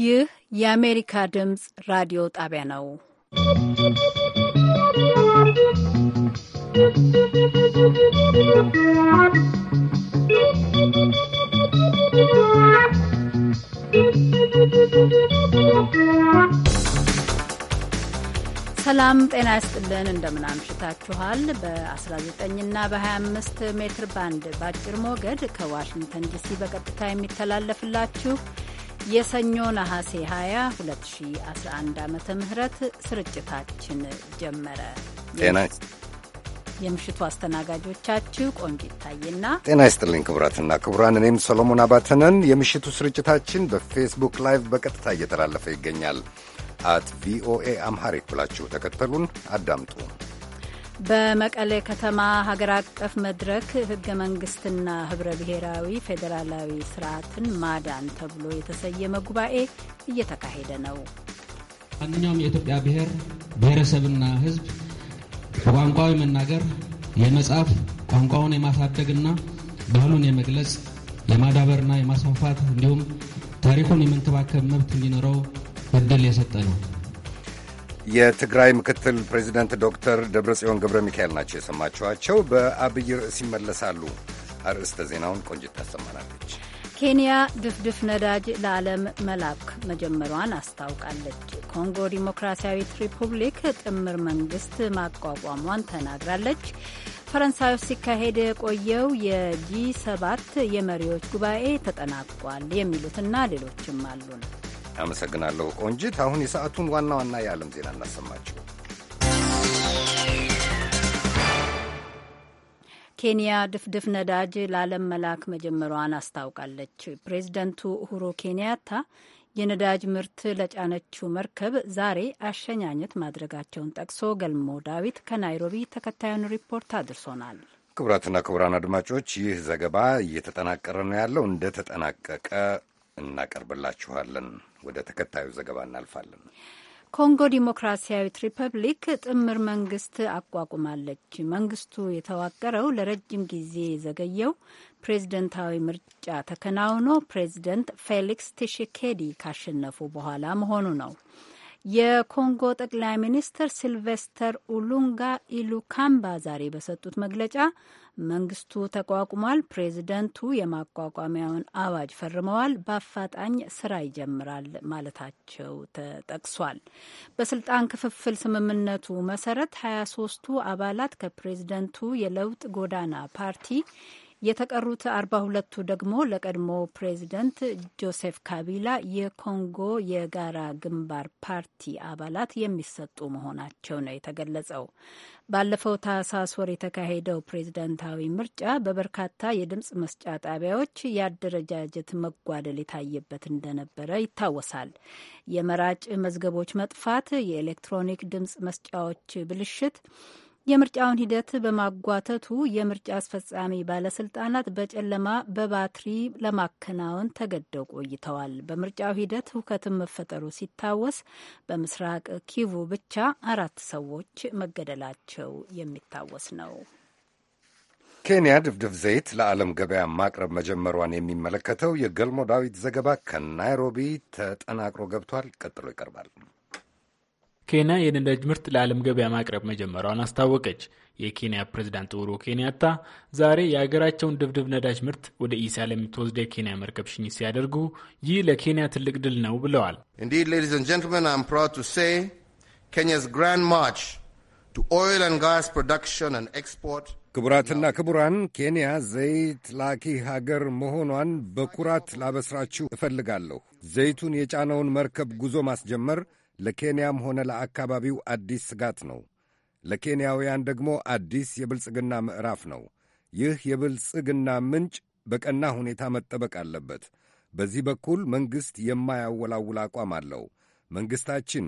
ይህ የአሜሪካ ድምፅ ራዲዮ ጣቢያ ነው። ሰላም ጤና ይስጥልን። እንደምን አምሽታችኋል። በ19ና በ25 ሜትር ባንድ በአጭር ሞገድ ከዋሽንግተን ዲሲ በቀጥታ የሚተላለፍላችሁ የሰኞ ነሐሴ 20 2011 ዓ ም ስርጭታችን ጀመረ። ጤና የምሽቱ አስተናጋጆቻችሁ ቆንጆ ይታይና ጤና ይስጥልኝ ክቡራትና ክቡራን፣ እኔም ሰሎሞን አባተነን። የምሽቱ ስርጭታችን በፌስቡክ ላይቭ በቀጥታ እየተላለፈ ይገኛል። አት ቪኦኤ አምሃሪክ ብላችሁ ተከተሉን አዳምጡ። በመቀሌ ከተማ ሀገር አቀፍ መድረክ ህገ መንግስትና ህብረ ብሔራዊ ፌዴራላዊ ስርዓትን ማዳን ተብሎ የተሰየመ ጉባኤ እየተካሄደ ነው። ማንኛውም የኢትዮጵያ ብሔር ብሔረሰብና ህዝብ በቋንቋው መናገር፣ የመጻፍ ቋንቋውን የማሳደግና ባህሉን የመግለጽ የማዳበርና የማስፋፋት እንዲሁም ታሪኩን የመንከባከብ መብት እንዲኖረው እድል የሰጠ ነው። የትግራይ ምክትል ፕሬዚደንት ዶክተር ደብረጽዮን ገብረ ሚካኤል ናቸው የሰማችኋቸው። በአብይ ርዕስ ይመለሳሉ። አርዕስተ ዜናውን ቆንጅት ታሰማናለች። ኬንያ ድፍድፍ ነዳጅ ለዓለም መላክ መጀመሯን አስታውቃለች። ኮንጎ ዲሞክራሲያዊት ሪፑብሊክ ጥምር መንግስት ማቋቋሟን ተናግራለች። ፈረንሳይ ውስጥ ሲካሄድ የቆየው የጂ ሰባት የመሪዎች ጉባኤ ተጠናቋል። የሚሉትና ሌሎችም አሉን። አመሰግናለሁ ቆንጂት። አሁን የሰዓቱን ዋና ዋና የዓለም ዜና እናሰማችሁ። ኬንያ ድፍድፍ ነዳጅ ለዓለም መላክ መጀመሯን አስታውቃለች። ፕሬዚደንቱ ኡሁሩ ኬንያታ የነዳጅ ምርት ለጫነችው መርከብ ዛሬ አሸኛኘት ማድረጋቸውን ጠቅሶ ገልሞ ዳዊት ከናይሮቢ ተከታዩን ሪፖርት አድርሶናል። ክቡራትና ክቡራን አድማጮች ይህ ዘገባ እየተጠናቀረ ነው ያለው። እንደተጠናቀቀ እናቀርብላችኋለን። ወደ ተከታዩ ዘገባ እናልፋለን። ኮንጎ ዲሞክራሲያዊት ሪፐብሊክ ጥምር መንግስት አቋቁማለች። መንግስቱ የተዋቀረው ለረጅም ጊዜ የዘገየው ፕሬዝደንታዊ ምርጫ ተከናውኖ ፕሬዝደንት ፌሊክስ ቲሽኬዲ ካሸነፉ በኋላ መሆኑ ነው። የኮንጎ ጠቅላይ ሚኒስትር ሲልቬስተር ኡሉንጋ ኢሉካምባ ዛሬ በሰጡት መግለጫ መንግስቱ ተቋቁሟል። ፕሬዚደንቱ የማቋቋሚያውን አዋጅ ፈርመዋል። በአፋጣኝ ስራ ይጀምራል ማለታቸው ተጠቅሷል። በስልጣን ክፍፍል ስምምነቱ መሰረት ሀያ ሶስቱ አባላት ከፕሬዚደንቱ የለውጥ ጎዳና ፓርቲ የተቀሩት አርባ ሁለቱ ደግሞ ለቀድሞ ፕሬዚደንት ጆሴፍ ካቢላ የኮንጎ የጋራ ግንባር ፓርቲ አባላት የሚሰጡ መሆናቸው ነው የተገለጸው። ባለፈው ታህሳስ ወር የተካሄደው ፕሬዝደንታዊ ምርጫ በበርካታ የድምፅ መስጫ ጣቢያዎች የአደረጃጀት መጓደል የታየበት እንደነበረ ይታወሳል። የመራጭ መዝገቦች መጥፋት፣ የኤሌክትሮኒክ ድምፅ መስጫዎች ብልሽት የምርጫውን ሂደት በማጓተቱ የምርጫ አስፈጻሚ ባለስልጣናት በጨለማ በባትሪ ለማከናወን ተገደው ቆይተዋል። በምርጫው ሂደት ውከትን መፈጠሩ ሲታወስ በምስራቅ ኪቩ ብቻ አራት ሰዎች መገደላቸው የሚታወስ ነው። ኬንያ ድፍድፍ ዘይት ለዓለም ገበያ ማቅረብ መጀመሯን የሚመለከተው የገልሞ ዳዊት ዘገባ ከናይሮቢ ተጠናቅሮ ገብቷል። ቀጥሎ ይቀርባል። ኬንያ የነዳጅ ምርት ለዓለም ገበያ ማቅረብ መጀመሯን አስታወቀች። የኬንያ ፕሬዝዳንት ኡሁሩ ኬንያታ ዛሬ የሀገራቸውን ድብድብ ነዳጅ ምርት ወደ እስያ ለምትወስድ የኬንያ መርከብ ሽኝት ሲያደርጉ ይህ ለኬንያ ትልቅ ድል ነው ብለዋል። ክቡራትና ክቡራን ኬንያ ዘይት ላኪ ሀገር መሆኗን በኩራት ላበስራችሁ እፈልጋለሁ። ዘይቱን የጫነውን መርከብ ጉዞ ማስጀመር ለኬንያም ሆነ ለአካባቢው አዲስ ስጋት ነው። ለኬንያውያን ደግሞ አዲስ የብልጽግና ምዕራፍ ነው። ይህ የብልጽግና ምንጭ በቀና ሁኔታ መጠበቅ አለበት። በዚህ በኩል መንግሥት የማያወላውል አቋም አለው። መንግሥታችን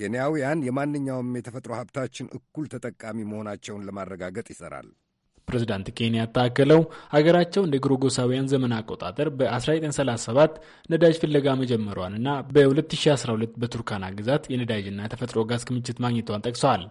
ኬንያውያን የማንኛውም የተፈጥሮ ሀብታችን እኩል ተጠቃሚ መሆናቸውን ለማረጋገጥ ይሠራል። ፕሬዚዳንት ኬንያ ታከለው ሀገራቸው እንደ ግሮጎሳውያን ዘመን አቆጣጠር በ1937 ነዳጅ ፍለጋ መጀመሯንና በ2012 በቱርካና ግዛት የነዳጅና የተፈጥሮ ጋዝ ክምችት ማግኘቷን ጠቅሰዋል።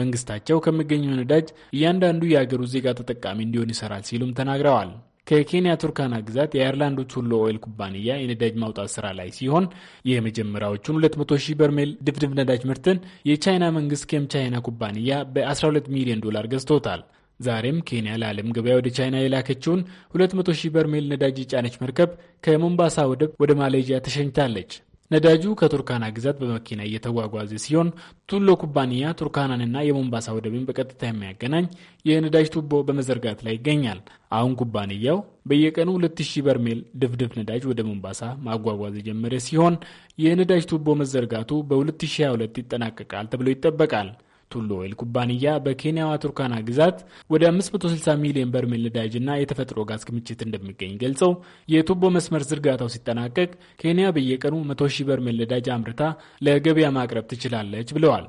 መንግስታቸው ከሚገኘው ነዳጅ እያንዳንዱ የአገሩ ዜጋ ተጠቃሚ እንዲሆን ይሰራል ሲሉም ተናግረዋል። ከኬንያ ቱርካና ግዛት የአይርላንዱ ቱሎ ኦይል ኩባንያ የነዳጅ ማውጣት ስራ ላይ ሲሆን የመጀመሪያዎቹን 200 ሺህ በርሜል ድፍድፍ ነዳጅ ምርትን የቻይና መንግስት ኬም ቻይና ኩባንያ በ12 ሚሊዮን ዶላር ገዝቶታል። ዛሬም ኬንያ ለዓለም ገበያ ወደ ቻይና የላከችውን 200 ሺህ በርሜል ነዳጅ የጫነች መርከብ ከሞምባሳ ወደብ ወደ ማሌዥያ ተሸኝታለች። ነዳጁ ከቱርካና ግዛት በመኪና እየተጓጓዘ ሲሆን ቱሎ ኩባንያ ቱርካናንና የሞምባሳ ወደብን በቀጥታ የሚያገናኝ የነዳጅ ቱቦ በመዘርጋት ላይ ይገኛል። አሁን ኩባንያው በየቀኑ 2000 በርሜል ድፍድፍ ነዳጅ ወደ ሞምባሳ ማጓጓዝ የጀመረ ሲሆን የነዳጅ ቱቦ መዘርጋቱ በ2022 ይጠናቀቃል ተብሎ ይጠበቃል። ቱሎ ኦይል ኩባንያ በኬንያዋ ቱርካና ግዛት ወደ 560 ሚሊዮን በርሜል ነዳጅና የተፈጥሮ ጋዝ ክምችት እንደሚገኝ ገልጸው የቱቦ መስመር ዝርጋታው ሲጠናቀቅ ኬንያ በየቀኑ 100 ሺህ በርሜል ነዳጅ አምርታ ለገበያ ማቅረብ ትችላለች ብለዋል።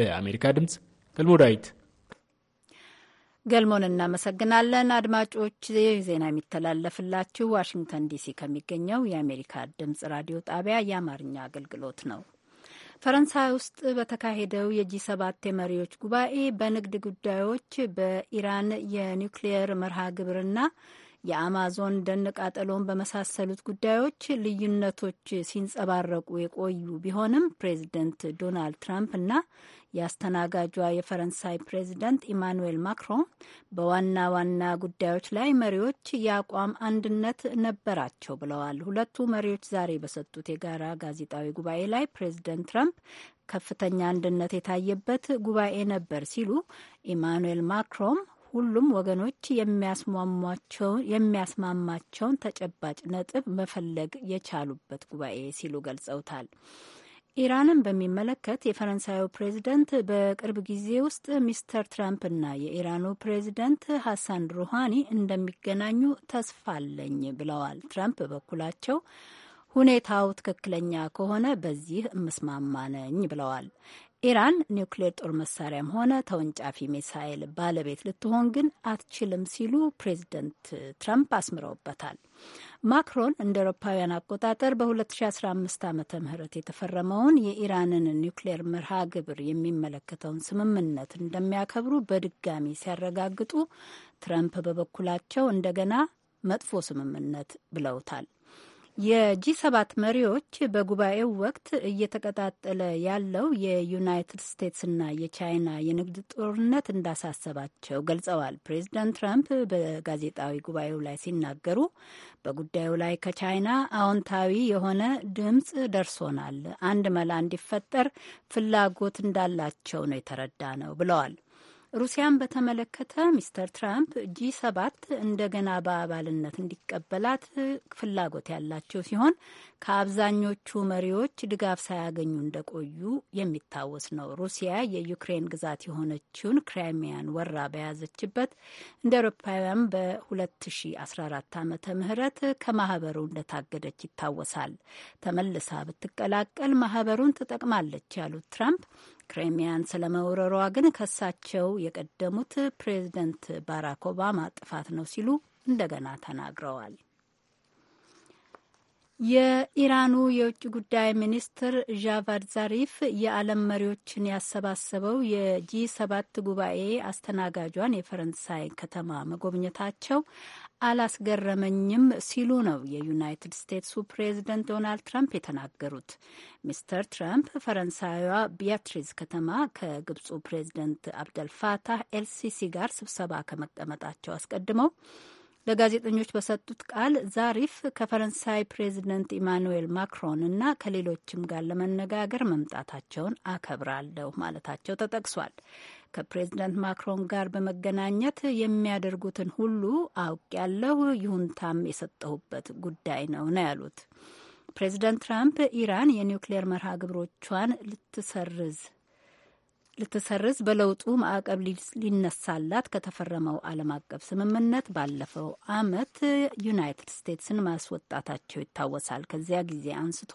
ለአሜሪካ ድምፅ ገልሞ ዳዊት። ገልሞን እናመሰግናለን። አድማጮች ዜና የሚተላለፍላችሁ ዋሽንግተን ዲሲ ከሚገኘው የአሜሪካ ድምጽ ራዲዮ ጣቢያ የአማርኛ አገልግሎት ነው። ፈረንሳይ ውስጥ በተካሄደው የጂ ሰባት የመሪዎች ጉባኤ በንግድ ጉዳዮች በኢራን የኒውክሊየር መርሃ ግብርና የአማዞን ደን ቃጠሎን በመሳሰሉት ጉዳዮች ልዩነቶች ሲንጸባረቁ የቆዩ ቢሆንም ፕሬዚደንት ዶናልድ ትራምፕ እና የአስተናጋጇ የፈረንሳይ ፕሬዚደንት ኢማኑዌል ማክሮን በዋና ዋና ጉዳዮች ላይ መሪዎች የአቋም አንድነት ነበራቸው ብለዋል። ሁለቱ መሪዎች ዛሬ በሰጡት የጋራ ጋዜጣዊ ጉባኤ ላይ ፕሬዚደንት ትራምፕ ከፍተኛ አንድነት የታየበት ጉባኤ ነበር ሲሉ ኢማኑዌል ማክሮን ሁሉም ወገኖች የሚያስማማቸውን ተጨባጭ ነጥብ መፈለግ የቻሉበት ጉባኤ ሲሉ ገልጸውታል። ኢራንን በሚመለከት የፈረንሳዩ ፕሬዚደንት በቅርብ ጊዜ ውስጥ ሚስተር ትራምፕ እና የኢራኑ ፕሬዚደንት ሀሳን ሩሃኒ እንደሚገናኙ ተስፋ አለኝ ብለዋል። ትራምፕ በበኩላቸው ሁኔታው ትክክለኛ ከሆነ በዚህ እምስማማ ነኝ ብለዋል። ኢራን ኒውክሌር ጦር መሳሪያም ሆነ ተወንጫፊ ሚሳይል ባለቤት ልትሆን ግን አትችልም ሲሉ ፕሬዚደንት ትራምፕ አስምረውበታል። ማክሮን እንደ አውሮፓውያን አቆጣጠር በ2015 ዓመተ ምህረት የተፈረመውን የኢራንን ኒውክሌር መርሃ ግብር የሚመለከተውን ስምምነት እንደሚያከብሩ በድጋሚ ሲያረጋግጡ፣ ትራምፕ በበኩላቸው እንደገና መጥፎ ስምምነት ብለውታል። የጂ ሰባት መሪዎች በጉባኤው ወቅት እየተቀጣጠለ ያለው የዩናይትድ ስቴትስና የቻይና የንግድ ጦርነት እንዳሳሰባቸው ገልጸዋል። ፕሬዚዳንት ትራምፕ በጋዜጣዊ ጉባኤው ላይ ሲናገሩ በጉዳዩ ላይ ከቻይና አዎንታዊ የሆነ ድምፅ ደርሶናል፣ አንድ መላ እንዲፈጠር ፍላጎት እንዳላቸው ነው የተረዳ ነው ብለዋል። ሩሲያን በተመለከተ ሚስተር ትራምፕ ጂ ሰባት እንደገና በአባልነት እንዲቀበላት ፍላጎት ያላቸው ሲሆን ከአብዛኞቹ መሪዎች ድጋፍ ሳያገኙ እንደቆዩ የሚታወስ ነው። ሩሲያ የዩክሬን ግዛት የሆነችውን ክራይሚያን ወራ በያዘችበት እንደ አውሮፓውያን በ2014 ዓመተ ምህረት ከማህበሩ እንደታገደች ይታወሳል። ተመልሳ ብትቀላቀል ማህበሩን ትጠቅማለች ያሉት ትራምፕ ክሬሚያን ስለመውረሯ ግን ከሳቸው የቀደሙት ፕሬዚደንት ባራክ ኦባማ ጥፋት ነው ሲሉ እንደገና ተናግረዋል። የኢራኑ የውጭ ጉዳይ ሚኒስትር ዣቫድ ዛሪፍ የዓለም መሪዎችን ያሰባሰበው የጂ ሰባት ጉባኤ አስተናጋጇን የፈረንሳይ ከተማ መጎብኘታቸው አላስገረመኝም ሲሉ ነው የዩናይትድ ስቴትሱ ፕሬዝደንት ዶናልድ ትራምፕ የተናገሩት። ሚስተር ትራምፕ ፈረንሳዊዋ ቢያትሪዝ ከተማ ከግብፁ ፕሬዝደንት አብደልፋታህ ኤልሲሲ ጋር ስብሰባ ከመቀመጣቸው አስቀድመው ለጋዜጠኞች በሰጡት ቃል ዛሪፍ ከፈረንሳይ ፕሬዝደንት ኢማኑኤል ማክሮን እና ከሌሎችም ጋር ለመነጋገር መምጣታቸውን አከብራለሁ ማለታቸው ተጠቅሷል። ከፕሬዝደንት ማክሮን ጋር በመገናኘት የሚያደርጉትን ሁሉ ያለው ይሁንታም የሰጠሁበት ጉዳይ ነው ነው ያሉት። ፕሬዝደንት ትራምፕ ኢራን የኒውክሌር መርሃ ግብሮቿን ልትሰርዝ ልትሰርዝ በለውጡ ማዕቀብ ሊነሳላት ከተፈረመው ዓለም አቀፍ ስምምነት ባለፈው ዓመት ዩናይትድ ስቴትስን ማስወጣታቸው ይታወሳል። ከዚያ ጊዜ አንስቶ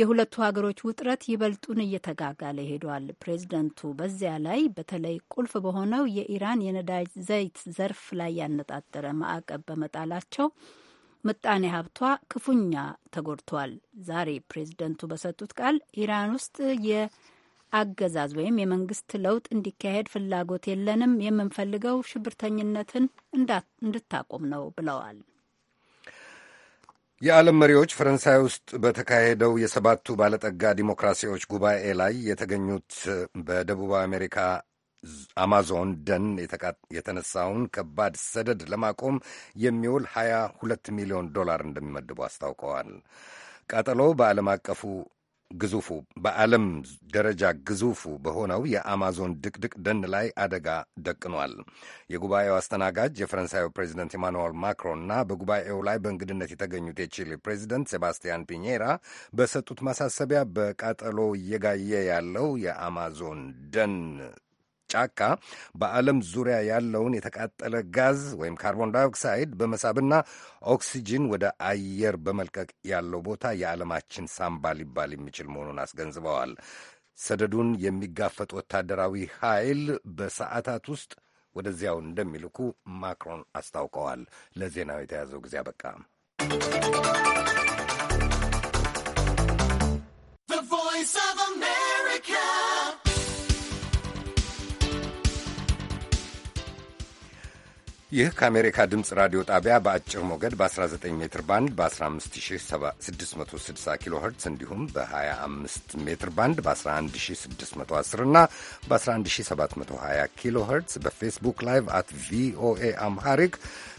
የሁለቱ ሀገሮች ውጥረት ይበልጡን እየተጋጋለ ሄዷል። ፕሬዚደንቱ በዚያ ላይ በተለይ ቁልፍ በሆነው የኢራን የነዳጅ ዘይት ዘርፍ ላይ ያነጣጠረ ማዕቀብ በመጣላቸው ምጣኔ ሀብቷ ክፉኛ ተጎድቷል። ዛሬ ፕሬዚደንቱ በሰጡት ቃል ኢራን ውስጥ የአገዛዝ ወይም የመንግስት ለውጥ እንዲካሄድ ፍላጎት የለንም፣ የምንፈልገው ሽብርተኝነትን እንድታቆም ነው ብለዋል። የዓለም መሪዎች ፈረንሳይ ውስጥ በተካሄደው የሰባቱ ባለጠጋ ዲሞክራሲዎች ጉባኤ ላይ የተገኙት በደቡብ አሜሪካ አማዞን ደን የተነሳውን ከባድ ሰደድ ለማቆም የሚውል 22 ሚሊዮን ዶላር እንደሚመድቡ አስታውቀዋል። ቃጠሎ በዓለም አቀፉ ግዙፉ በዓለም ደረጃ ግዙፉ በሆነው የአማዞን ድቅድቅ ደን ላይ አደጋ ደቅኗል። የጉባኤው አስተናጋጅ የፈረንሳዩ ፕሬዚደንት ማክሮን እና በጉባኤው ላይ በእንግድነት የተገኙት የቺሊ ፕሬዚደንት ሴባስቲያን ፒኔራ በሰጡት ማሳሰቢያ በቃጠሎ እየጋየ ያለው የአማዞን ደን ጫካ በዓለም ዙሪያ ያለውን የተቃጠለ ጋዝ ወይም ካርቦን ዳይኦክሳይድ በመሳብና ኦክሲጂን ወደ አየር በመልቀቅ ያለው ቦታ የዓለማችን ሳምባ ሊባል የሚችል መሆኑን አስገንዝበዋል። ሰደዱን የሚጋፈጥ ወታደራዊ ኃይል በሰዓታት ውስጥ ወደዚያው እንደሚልኩ ማክሮን አስታውቀዋል። ለዜናው የተያዘው ጊዜ አበቃ። ይህ ከአሜሪካ ድምፅ ራዲዮ ጣቢያ በአጭር ሞገድ በ19 ሜትር ባንድ በ15660 ኪሎ ኸርትዝ እንዲሁም በ25 ሜትር ባንድ በ11610 እና በ11720 ኪሎ ኸርትዝ በፌስቡክ ላይቭ አት ቪኦኤ አምሃሪክ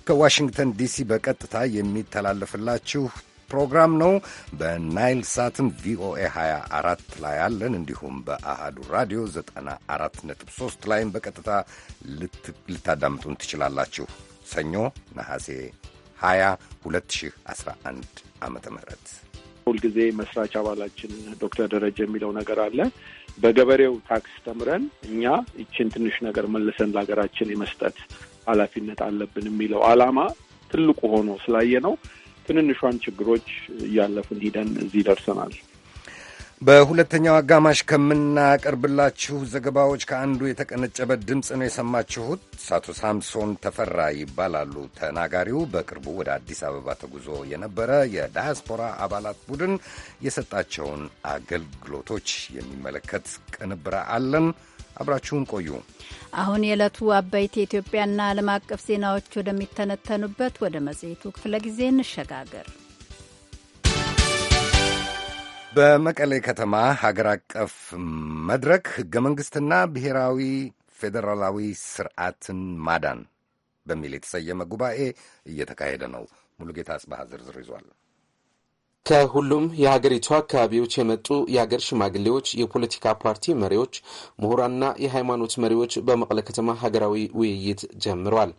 ከዋሽንግተን ዲሲ በቀጥታ የሚተላለፍላችሁ ፕሮግራም ነው። በናይል ሳትም ቪኦኤ 24 ላይ አለን። እንዲሁም በአሃዱ ራዲዮ 94.3 ላይም በቀጥታ ልታዳምጡን ትችላላችሁ። ሰኞ ነሐሴ 20 2011 ዓ ም ሁልጊዜ መስራች አባላችን ዶክተር ደረጀ የሚለው ነገር አለ። በገበሬው ታክስ ተምረን እኛ ይችን ትንሽ ነገር መልሰን ለሀገራችን የመስጠት ኃላፊነት አለብን የሚለው አላማ ትልቁ ሆኖ ስላየ ነው ትንንሿን ችግሮች እያለፍን ሂደን እዚህ ደርሰናል። በሁለተኛው አጋማሽ ከምናቀርብላችሁ ዘገባዎች ከአንዱ የተቀነጨበ ድምፅ ነው የሰማችሁት። አቶ ሳምሶን ተፈራ ይባላሉ ተናጋሪው። በቅርቡ ወደ አዲስ አበባ ተጉዞ የነበረ የዳያስፖራ አባላት ቡድን የሰጣቸውን አገልግሎቶች የሚመለከት ቅንብር አለን። አብራችሁን ቆዩ። አሁን የዕለቱ አበይት የኢትዮጵያና ዓለም አቀፍ ዜናዎች ወደሚተነተኑበት ወደ መጽሔቱ ክፍለ ጊዜ እንሸጋገር። በመቀሌ ከተማ ሀገር አቀፍ መድረክ ሕገ መንግሥትና ብሔራዊ ፌዴራላዊ ስርዓትን ማዳን በሚል የተሰየመ ጉባኤ እየተካሄደ ነው። ሙሉጌታ አጽባሃ ዝርዝር ይዟል። ከሁሉም የሀገሪቱ አካባቢዎች የመጡ የሀገር ሽማግሌዎች፣ የፖለቲካ ፓርቲ መሪዎች፣ ምሁራንና የሃይማኖት መሪዎች በመቀለ ከተማ ሀገራዊ ውይይት ጀምረዋል።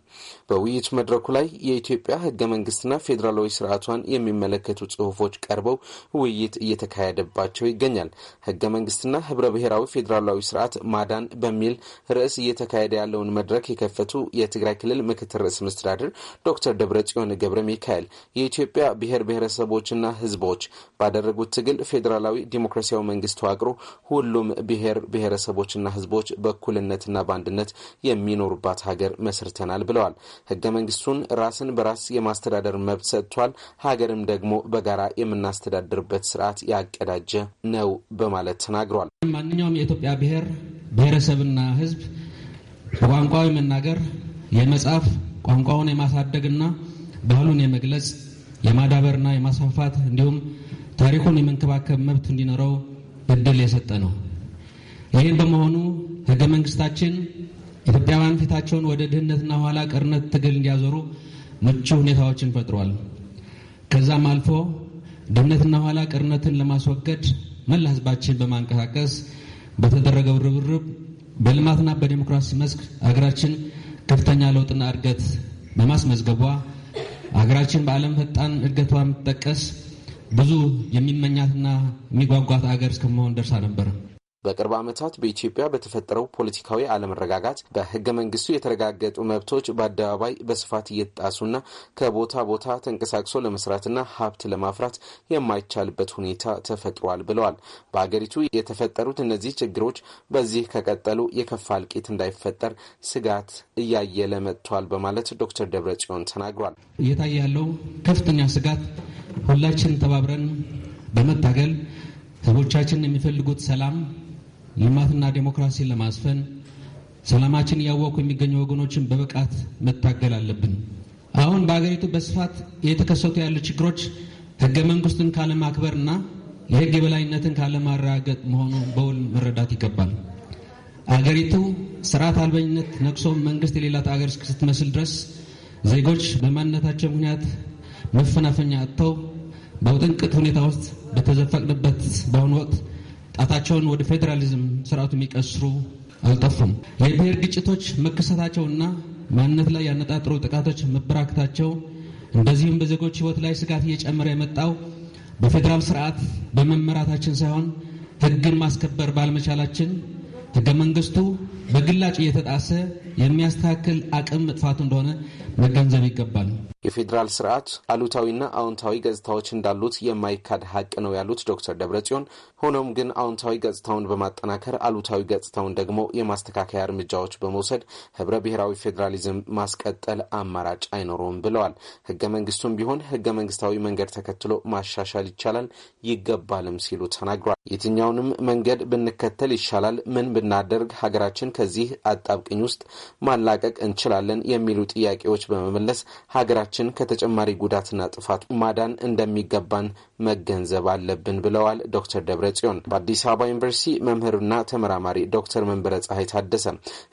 በውይይት መድረኩ ላይ የኢትዮጵያ ህገ መንግስትና ፌዴራላዊ ስርዓቷን የሚመለከቱ ጽሁፎች ቀርበው ውይይት እየተካሄደባቸው ይገኛል። ህገ መንግስትና ህብረ ብሔራዊ ፌዴራላዊ ስርዓት ማዳን በሚል ርዕስ እየተካሄደ ያለውን መድረክ የከፈቱ የትግራይ ክልል ምክትል ርዕስ መስተዳድር ዶክተር ደብረ ገብረ ሚካኤል የኢትዮጵያ ብሔር ብሔረሰቦችና ህዝብ ህዝቦች ባደረጉት ትግል ፌዴራላዊ ዲሞክራሲያዊ መንግስት ተዋቅሮ ሁሉም ብሔር ብሔረሰቦችና ህዝቦች በእኩልነትና በአንድነት የሚኖሩባት ሀገር መስርተናል ብለዋል። ህገ መንግስቱን ራስን በራስ የማስተዳደር መብት ሰጥቷል። ሀገርም ደግሞ በጋራ የምናስተዳድርበት ስርዓት ያቀዳጀ ነው በማለት ተናግሯል። ማንኛውም የኢትዮጵያ ብሔር ብሔረሰብና ህዝብ በቋንቋው የመናገር የመጻፍ ቋንቋውን የማሳደግና ባህሉን የመግለጽ የማዳበርና የማስፋፋት እንዲሁም ታሪኩን የመንከባከብ መብት እንዲኖረው እድል የሰጠ ነው። ይህን በመሆኑ ህገ መንግስታችን ኢትዮጵያውያን ፊታቸውን ወደ ድህነትና ኋላ ቀርነት ትግል እንዲያዞሩ ምቹ ሁኔታዎችን ፈጥሯል። ከዛም አልፎ ድህነትና ኋላ ቀርነትን ለማስወገድ መላ ህዝባችን በማንቀሳቀስ በተደረገው ርብርብ በልማትና በዴሞክራሲ መስክ አገራችን ከፍተኛ ለውጥና እድገት በማስመዝገቧ ሀገራችን በዓለም ፈጣን እድገቷ የምትጠቀስ ብዙ የሚመኛትና የሚጓጓት አገር እስከመሆን ደርሳ ነበርም። በቅርብ ዓመታት በኢትዮጵያ በተፈጠረው ፖለቲካዊ አለመረጋጋት በህገ መንግስቱ የተረጋገጡ መብቶች በአደባባይ በስፋት እየተጣሱና ከቦታ ቦታ ተንቀሳቅሶ ለመስራትና ሀብት ለማፍራት የማይቻልበት ሁኔታ ተፈጥሯል ብለዋል። በሀገሪቱ የተፈጠሩት እነዚህ ችግሮች በዚህ ከቀጠሉ የከፋ እልቂት እንዳይፈጠር ስጋት እያየለ መጥቷል በማለት ዶክተር ጽዮን ተናግሯል። እየታየ ያለው ከፍተኛ ስጋት ሁላችን ተባብረን በመታገል ህዝቦቻችን የሚፈልጉት ሰላም ልማትና ዴሞክራሲን ለማስፈን ሰላማችን እያወቁ የሚገኙ ወገኖችን በብቃት መታገል አለብን። አሁን በሀገሪቱ በስፋት እየተከሰቱ ያሉ ችግሮች ህገ መንግስቱን ካለማክበርና የህግ የበላይነትን ካለማረጋገጥ መሆኑን በውል መረዳት ይገባል። አገሪቱ ስርዓት አልበኝነት ነቅሶ መንግስት የሌላት አገር እስክትመስል ድረስ ዜጎች በማንነታቸው ምክንያት መፈናፈኛ አጥተው በውጥንቅጥ ሁኔታ ውስጥ በተዘፈቅንበት በአሁኑ ወቅት ጣታቸውን ወደ ፌዴራሊዝም ስርዓቱ የሚቀስሩ አልጠፉም። የብሔር ግጭቶች መከሰታቸውና ማንነት ላይ ያነጣጠሩ ጥቃቶች መበራከታቸው እንደዚሁም በዜጎች ሕይወት ላይ ስጋት እየጨመረ የመጣው በፌዴራል ስርዓት በመመራታችን ሳይሆን ሕግን ማስከበር ባለመቻላችን ሕገ መንግስቱ በግላጭ እየተጣሰ የሚያስተካክል አቅም መጥፋቱ እንደሆነ መገንዘብ ይገባል። የፌዴራል ስርዓት አሉታዊና አዎንታዊ ገጽታዎች እንዳሉት የማይካድ ሀቅ ነው ያሉት ዶክተር ደብረጽዮን ሆኖም ግን አዎንታዊ ገጽታውን በማጠናከር አሉታዊ ገጽታውን ደግሞ የማስተካከያ እርምጃዎች በመውሰድ ህብረ ብሔራዊ ፌዴራሊዝም ማስቀጠል አማራጭ አይኖረውም ብለዋል። ህገ መንግስቱም ቢሆን ህገ መንግስታዊ መንገድ ተከትሎ ማሻሻል ይቻላል ይገባልም ሲሉ ተናግሯል። የትኛውንም መንገድ ብንከተል ይሻላል፣ ምን ብናደርግ ሀገራችን ከዚህ አጣብቅኝ ውስጥ ማላቀቅ እንችላለን የሚሉ ጥያቄዎች በመመለስ ሀገራችን ከተጨማሪ ጉዳትና ጥፋት ማዳን እንደሚገባን መገንዘብ አለብን ብለዋል ዶክተር ደብረ ጽዮን። በአዲስ አበባ ዩኒቨርሲቲ መምህርና ተመራማሪ ዶክተር መንበረ ፀሐይ ታደሰ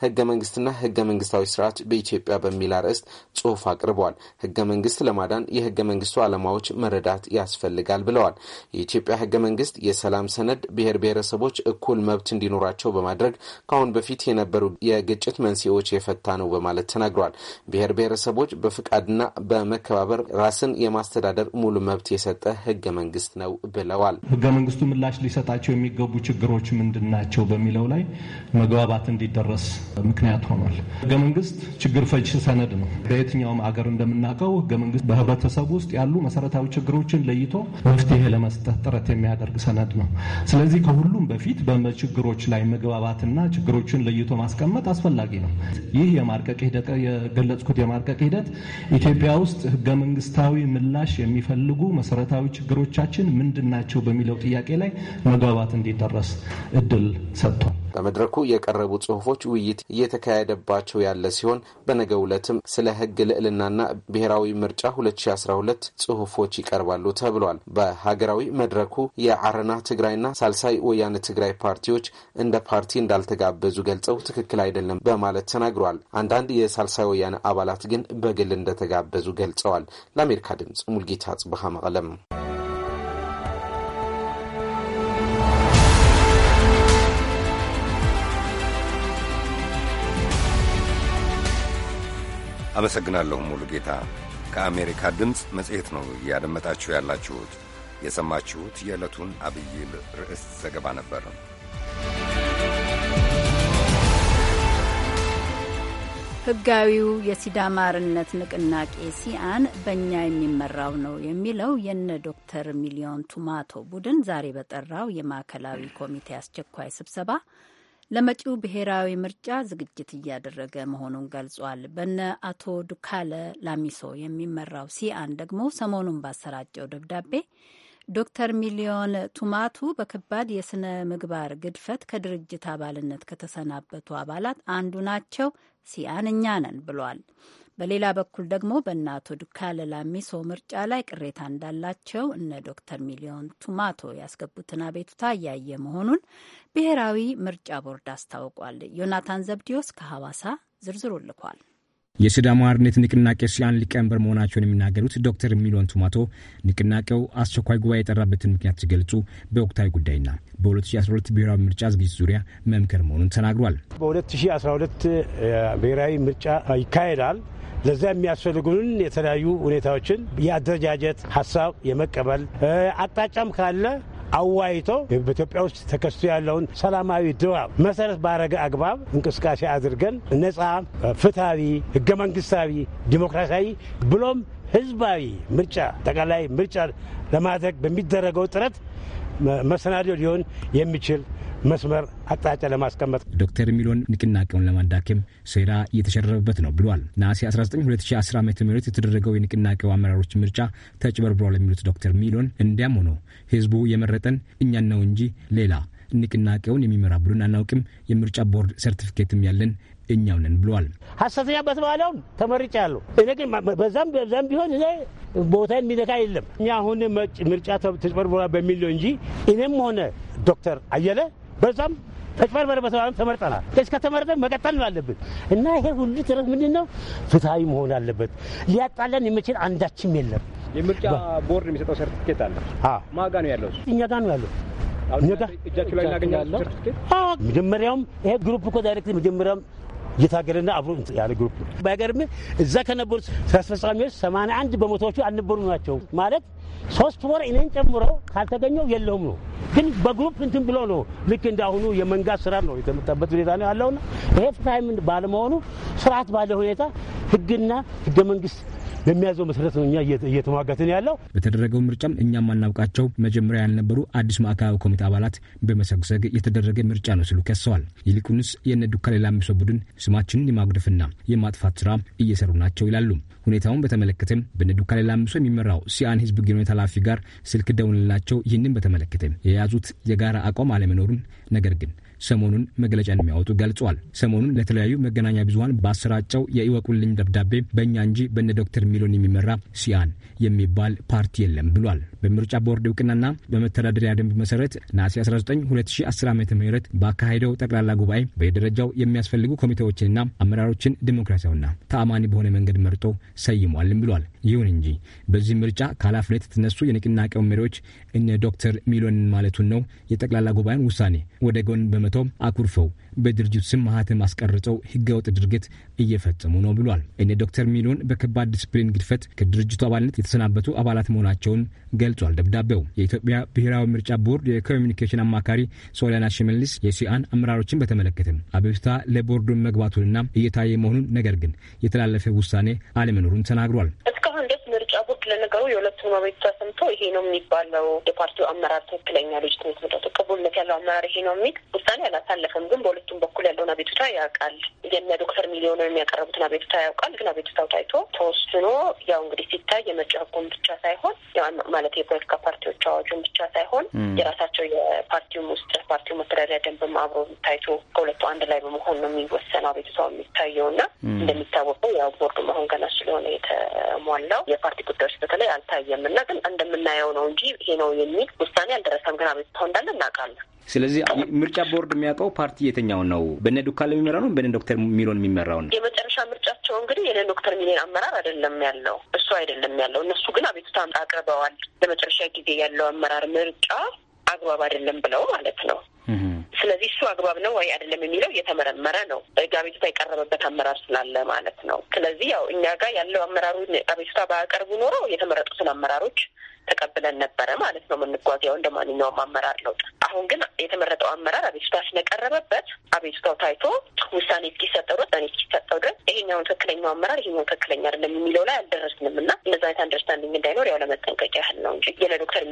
ህገ መንግስትና ህገ መንግስታዊ ስርዓት በኢትዮጵያ በሚል አርዕስት ጽሁፍ አቅርበዋል። ህገ መንግስት ለማዳን የህገ መንግስቱ ዓላማዎች መረዳት ያስፈልጋል ብለዋል። የኢትዮጵያ ህገ መንግስት የሰላም ሰነድ ብሔር ብሔረሰቦች እኩል መብት እንዲኖራቸው በማድረግ ከአሁን በፊት የነበሩ የግጭት መንስኤዎች የፈታ ነው በማለት ተናግሯል። ብሔር ብሔረሰቦች በፍቃድና በመከባበር ራስን የማስተዳደር ሙሉ መብት የሰጠ ህገ መንግስት ነው ብለዋል። ህገ መንግስቱ ምላሽ ሊሰጣቸው የሚገቡ ችግሮች ምንድን ናቸው በሚለው ላይ መግባባት እንዲደረስ ምክንያት ሆኗል። ህገ መንግስት ችግር ፈጅ ሰነድ ነው። በየትኛውም አገር እንደምናውቀው ህገ መንግስት በህብረተሰቡ ውስጥ ያሉ መሰረታዊ ችግሮችን ለይቶ መፍትሄ ለመስጠት ጥረት የሚያደርግ ሰነድ ነው። ስለዚህ ከሁሉም በፊት በችግሮች ላይ መግባባትና ችግሮችን ለይቶ ማስቀመጥ አስፈላጊ ነው። ይህ የማርቀቅ ሂደት የገለጽኩት የማርቀቅ ሂደት ኢትዮጵያ ውስጥ ህገ መንግስታዊ ምላሽ የሚፈልጉ መሰረታዊ ችግሮች ራዕዮቻችን ምንድን ናቸው በሚለው ጥያቄ ላይ መግባባት እንዲደረስ እድል ሰጥቷል። በመድረኩ የቀረቡ ጽሁፎች ውይይት እየተካሄደባቸው ያለ ሲሆን በነገ ዕለትም ስለ ህግ ልዕልናና ብሔራዊ ምርጫ 2012 ጽሁፎች ይቀርባሉ ተብሏል። በሀገራዊ መድረኩ የአረና ትግራይና ሳልሳይ ወያነ ትግራይ ፓርቲዎች እንደ ፓርቲ እንዳልተጋበዙ ገልጸው ትክክል አይደለም በማለት ተናግሯል። አንዳንድ የሳልሳይ ወያነ አባላት ግን በግል እንደተጋበዙ ገልጸዋል። ለአሜሪካ ድምጽ ሙልጌታ ጽብሃ መቀለም አመሰግናለሁ ሙሉ ጌታ። ከአሜሪካ ድምፅ መጽሔት ነው እያደመጣችሁ ያላችሁት። የሰማችሁት የዕለቱን አብይ ርዕስ ዘገባ ነበር። ሕጋዊው የሲዳ ማርነት ንቅናቄ ሲአን በእኛ የሚመራው ነው የሚለው የነ ዶክተር ሚሊዮን ቱማቶ ቡድን ዛሬ በጠራው የማዕከላዊ ኮሚቴ አስቸኳይ ስብሰባ ለመጪው ብሔራዊ ምርጫ ዝግጅት እያደረገ መሆኑን ገልጿል። በነ አቶ ዱካለ ላሚሶ የሚመራው ሲአን ደግሞ ሰሞኑን ባሰራጨው ደብዳቤ ዶክተር ሚሊዮን ቱማቱ በከባድ የስነ ምግባር ግድፈት ከድርጅት አባልነት ከተሰናበቱ አባላት አንዱ ናቸው፣ ሲአን እኛ ነን ብሏል። በሌላ በኩል ደግሞ በእነ አቶ ዱካለ ላሚሶ ምርጫ ላይ ቅሬታ እንዳላቸው እነ ዶክተር ሚሊዮን ቱማቶ ያስገቡትን አቤቱታ እያየ መሆኑን ብሔራዊ ምርጫ ቦርድ አስታውቋል። ዮናታን ዘብዲዮስ ከሐዋሳ ዝርዝሩ ልኳል። የሲዳማ አርነት ንቅናቄ ሲያን ሊቀመንበር መሆናቸውን የሚናገሩት ዶክተር ሚሊዮን ቱማቶ ንቅናቄው አስቸኳይ ጉባኤ የጠራበትን ምክንያት ሲገልጹ በወቅታዊ ጉዳይና በ2012 ብሔራዊ ምርጫ ዝግጅት ዙሪያ መምከር መሆኑን ተናግሯል። በ2012 ብሔራዊ ምርጫ ይካሄዳል። ለዛ የሚያስፈልጉን የተለያዩ ሁኔታዎችን የአደረጃጀት ሀሳብ የመቀበል አቅጣጫም ካለ አዋይቶ በኢትዮጵያ ውስጥ ተከስቶ ያለውን ሰላማዊ ድባብ መሰረት ባረገ አግባብ እንቅስቃሴ አድርገን ነፃ፣ ፍትሐዊ፣ ህገ መንግስታዊ፣ ዲሞክራሲያዊ ብሎም ህዝባዊ ምርጫ ጠቃላይ ምርጫ ለማድረግ በሚደረገው ጥረት መሰናዶ ሊሆን የሚችል መስመር አቅጣጫ ለማስቀመጥ ዶክተር ሚሎን ንቅናቄውን ለማዳከም ሴራ እየተሸረበበት ነው ብሏል። ነሐሴ 19 2010 ዓ ም የተደረገው የንቅናቄው አመራሮች ምርጫ ተጭበርብሯል የሚሉት ዶክተር ሚሎን እንዲያም ሆኖ ህዝቡ የመረጠን እኛን ነው እንጂ ሌላ ንቅናቄውን የሚመራ ቡድን አናውቅም። የምርጫ ቦርድ ሰርቲፊኬትም ያለን እኛው ነን ብለዋል። ሀሰተኛ በተባለውን ተመርጫለሁ። እኔ ግን በዛም በዛም ቢሆን እኔ ቦታ የሚነካ የለም። እኛ አሁን ምርጫ ተጭበርብሯል በሚል ነው እንጂ እኔም ሆነ ዶክተር አየለ በዛም ተጭበርበር በተባለ ተመርጠናል። እስከተመረጠን መቀጠል ነው አለብን እና ይሄ ሁሉ ጥረት ምንድን ነው ፍትሐዊ መሆን አለበት። ሊያጣለን የሚችል አንዳችም የለም። የምርጫ ቦርድ የሚሰጠው ሰርቲፊኬት አለ። ማጋ ነው ያለው? እኛ ጋ ነው ያለው። እጃችሁ ላይ መጀመሪያውም ይሄ ግሩፕ እኮ ዳይሬክት መጀመሪያውም እየታገለና አብሮ ያለ ግሩፕ ነው። ባይገርም እዛ ከነበሩ ስራ አስፈጻሚዎች 81 በመቶዎቹ አልነበሩ ናቸው ማለት ሶስት ወር እኔን ጨምሮ ካልተገኘው የለውም ነው። ግን በግሩፕ እንትን ብሎ ነው ልክ እንዳሁኑ የመንጋት ስራ ነው የተመጣበት ሁኔታ ነው ያለውና ይሄ ፍትሀ ባለመሆኑ ስርዓት ባለ ሁኔታ ህግና ህገ መንግስት በሚያዘው መሰረት ነው እኛ እየተሟጋትን ያለው። በተደረገው ምርጫም እኛ ማናውቃቸው መጀመሪያ ያልነበሩ አዲስ ማዕከላዊ ኮሚቴ አባላት በመሰግሰግ የተደረገ ምርጫ ነው ሲሉ ከሰዋል። ይልቁንስ የነ ዱካ ሌላ የሚሶ ቡድን ስማችንን የማጉደፍና የማጥፋት ስራ እየሰሩ ናቸው ይላሉ። ሁኔታውን በተመለከተም በነዱካ ሌላሚሶ የሚመራው ሲአን ህዝብ ግንኙነት ኃላፊ ጋር ስልክ ደውንላቸው ይህንን በተመለከተ የያዙት የጋራ አቋም አለመኖሩን ነገር ግን ሰሞኑን መግለጫ እንደሚያወጡ ገልጿል። ሰሞኑን ለተለያዩ መገናኛ ብዙሀን ባሰራጨው የይወቁልኝ ደብዳቤ በእኛ እንጂ በነ ዶክተር ሚሎን የሚመራ ሲያን የሚባል ፓርቲ የለም ብሏል። በምርጫ ቦርድ እውቅናና በመተዳደሪያ ደንብ መሰረት ነሐሴ 19 2010 ዓ ም በአካሄደው ጠቅላላ ጉባኤ በየደረጃው የሚያስፈልጉ ኮሚቴዎችንና አመራሮችን ዲሞክራሲያዊና ተአማኒ በሆነ መንገድ መርጦ ሰይሟልም ብሏል። ይሁን እንጂ በዚህ ምርጫ ከኃላፊነት የተነሱ የንቅናቄው መሪዎች እነ ዶክተር ሚሊዮን ማለቱን ነው የጠቅላላ ጉባኤን ውሳኔ ወደ ጎን በመተው አኩርፈው በድርጅቱ ስም ማህተም አስቀርጸው ህገወጥ ድርጊት እየፈጸሙ ነው ብሏል። እነ ዶክተር ሚሊዮን በከባድ ዲስፕሊን ግድፈት ከድርጅቱ አባልነት የተሰናበቱ አባላት መሆናቸውን ገልጿል። ደብዳቤው የኢትዮጵያ ብሔራዊ ምርጫ ቦርድ የኮሚኒኬሽን አማካሪ ሶሊያና ሽመልስ የሲአን አመራሮችን በተመለከተም አቤቱታ ለቦርዱ መግባቱንና እየታየ መሆኑን ነገር ግን የተላለፈ ውሳኔ አለመኖሩን ተናግሯል። እስካሁን ድረስ ለነገሩ የሁለቱ መቤት ሰምቶ ይሄ ነው የሚባለው የፓርቲው አመራር ትክክለኛ ልጅ ትምህርት መጠጡ ቅቡልነት ያለው አመራር ይሄ ነው የሚል ውሳኔ አላሳለፈም። ግን በሁለቱም በኩል ያለውን አቤቱታ ያውቃል። የነ ዶክተር ሚሊዮን የሚያቀረቡትን አቤቱታ ያውቃል። ግን አቤቱታው ታይቶ ተወስኖ ያው እንግዲህ ሲታይ የምርጫ ህጉን ብቻ ሳይሆን ማለት የፖለቲካ ፓርቲዎች አዋጁን ብቻ ሳይሆን የራሳቸው የፓርቲውም ውስጥ ፓርቲው መተዳደሪያ ደንብም አብሮ ታይቶ ከሁለቱ አንድ ላይ በመሆን ነው የሚወሰነው አቤቱታው የሚታየው እና እንደሚታወቀው ያው ቦርዱ መሆን ገና ስለሆነ የተሟላው የፓርቲ ጉዳዮች በተለይ አልታየም እና ግን እንደምናየው ነው እንጂ ይሄ ነው የሚል ውሳኔ አልደረሰም። ግን አቤቱታ እንዳለ እናውቃለን። ስለዚህ ምርጫ ቦርድ የሚያውቀው ፓርቲ የተኛው ነው? በነ ዱካ ለሚመራ ነው? በነ ዶክተር ሚሎን የሚመራው ነው? የመጨረሻ ምርጫቸው እንግዲህ የነ ዶክተር ሚሎን አመራር አይደለም ያለው እሱ አይደለም ያለው። እነሱ ግን አቤቱታ አቅርበዋል። ለመጨረሻ ጊዜ ያለው አመራር ምርጫ አግባብ አይደለም ብለው ማለት ነው። ስለዚህ እሱ አግባብ ነው ወይ አይደለም የሚለው እየተመረመረ ነው። አቤቱታ የቀረበበት አመራር ስላለ ማለት ነው። ስለዚህ ያው እኛ ጋር ያለው አመራሩን አቤቱታ ባያቀርቡ ኖሮ የተመረጡትን አመራሮች ተቀብለን ነበረ ማለት ነው የምንጓዘው እንደ ማንኛውም አመራር ለውጥ። አሁን ግን የተመረጠው አመራር አቤቱታ ስለቀረበበት አቤቱታው ታይቶ ውሳኔ እስኪሰጠው ድረስ ውሳኔ እስኪሰጠው ድረስ ይሄኛውን ትክክለኛው አመራር ይሄኛው ትክክለኛ አይደለም የሚለው ላይ አልደረስንም እና እነዚ አይነት አንደርስታንዲንግ እንዳይኖር ያው ለመጠንቀቂያ ያህል ነው እንጂ የለ ዶክተር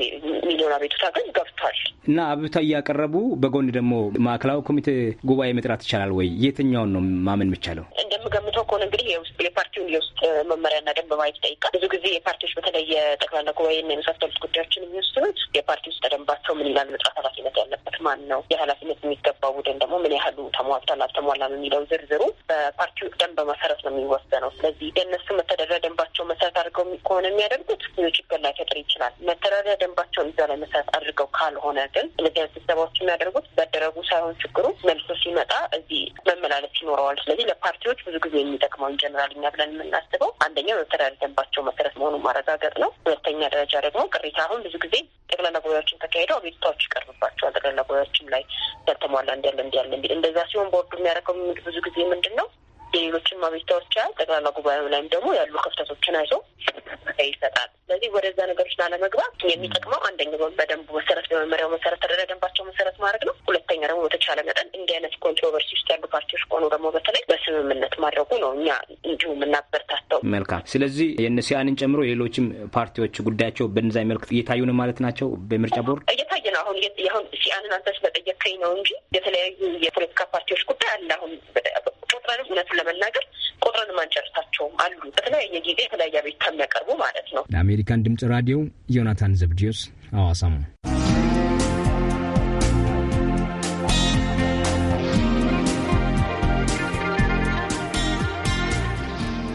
ሚሊዮን አቤቱታ ግን ገብቷል እና አቤቱታ እያቀረቡ በጎን ደግሞ ማዕከላዊ ኮሚቴ ጉባኤ መጥራት ይቻላል ወይ? የትኛውን ነው ማመን የሚቻለው? እንደምገምተው ከሆነ እንግዲህ የፓርቲውን የውስጥ መመሪያና ደንብ ማየት ይጠይቃል። ብዙ ጊዜ የፓርቲዎች በተለየ ጠቅላላ ጉባኤ የመሳሰሉት ጉዳዮችን የሚወስኑት የፓርቲ ውስጥ ደንባቸው ምን ይላል፣ መጥራት ኃላፊነት ያለበት ማን ነው፣ የኃላፊነት የሚገባው ቡድን ደግሞ ምን ያህሉ ተሟልቷል አልተሟላም የሚለው ዝርዝሩ በፓርቲው ደንብ መሰረት ነው የሚወሰነው። ስለዚህ የእነሱ መተዳደሪያ ደንባቸው መሰረት አድርገው ከሆነ የሚያደርጉት ችግር ላይ ፈጥር ይችላል። መተዳደሪያ ደንባቸውን እዛ ላይ መሰረት አድርገው ካልሆነ ግን እንደዚህ ስብሰባዎች የሚያደርጉት በደረጉ ሳይሆን ችግሩ መልሶ ሲመጣ እዚህ መመላለስ ይኖረዋል። ስለዚህ ለፓርቲዎች ብዙ ጊዜ የሚጠቅመው ኢንጀነራል እኛ ብለን የምናስበው አንደኛው መተዳደሪያ ደንባቸው መሰረት መሆኑን ማረጋገጥ ነው። ሁለተኛ ደረጃ ደግሞ ቅሬታ አሁን ብዙ ጊዜ ጠቅላላ ጉባኤዎችን ተካሄደው አቤቱታዎች ይቀርብባቸዋል። ጠቅላላ ጉባኤዎችም ላይ ያልተሟላ እንዲያለ እንዲያለ እንዲ እንደዛ ሲሆን ቦርዱ የሚያደርገው ብዙ ጊዜ ምንድን ነው የሌሎችን አቤቱታዎች ያህል ጠቅላላ ጉባኤው ላይም ደግሞ ያሉ ክፍተቶችን አይቶ ይሰጣል። ስለዚህ ወደዛ ነገሮች ላለመግባት የሚጠቅመው አንደኛ በደንቡ መሰረት በመመሪያው መሰረት ተደረገባቸው መሰረት ማድረግ ነው። ሁለተኛ ደግሞ በተቻለ መጠን እንዲህ አይነት ኮንትሮቨርሲ ውስጥ ያሉ ፓርቲዎች ከሆኑ ደግሞ በተለይ በስምምነት ማድረጉ ነው እኛ እንዲሁ የምናበርታተው መልካም። ስለዚህ የእነሲያንን ጨምሮ የሌሎችም ፓርቲዎች ጉዳያቸው በእነዚያ መልክ እየታዩ ነው ማለት ናቸው። በምርጫ ቦርድ እየታየ ነው። አሁን አሁን ሲያንን አንተ ነው እንጂ የተለያዩ የፖለቲካ ፓርቲዎች ጉዳይ አለ አሁን ቆጥረንም እውነቱን ለመናገር ቆጥረንም አንጨርሳቸውም አሉ። በተለያየ ጊዜ የተለያየ ቤት ከሚያቀርቡ ማለት ነው። ለአሜሪካን ድምጽ ራዲዮ ዮናታን ዘብዲዮስ አዋሳሙ።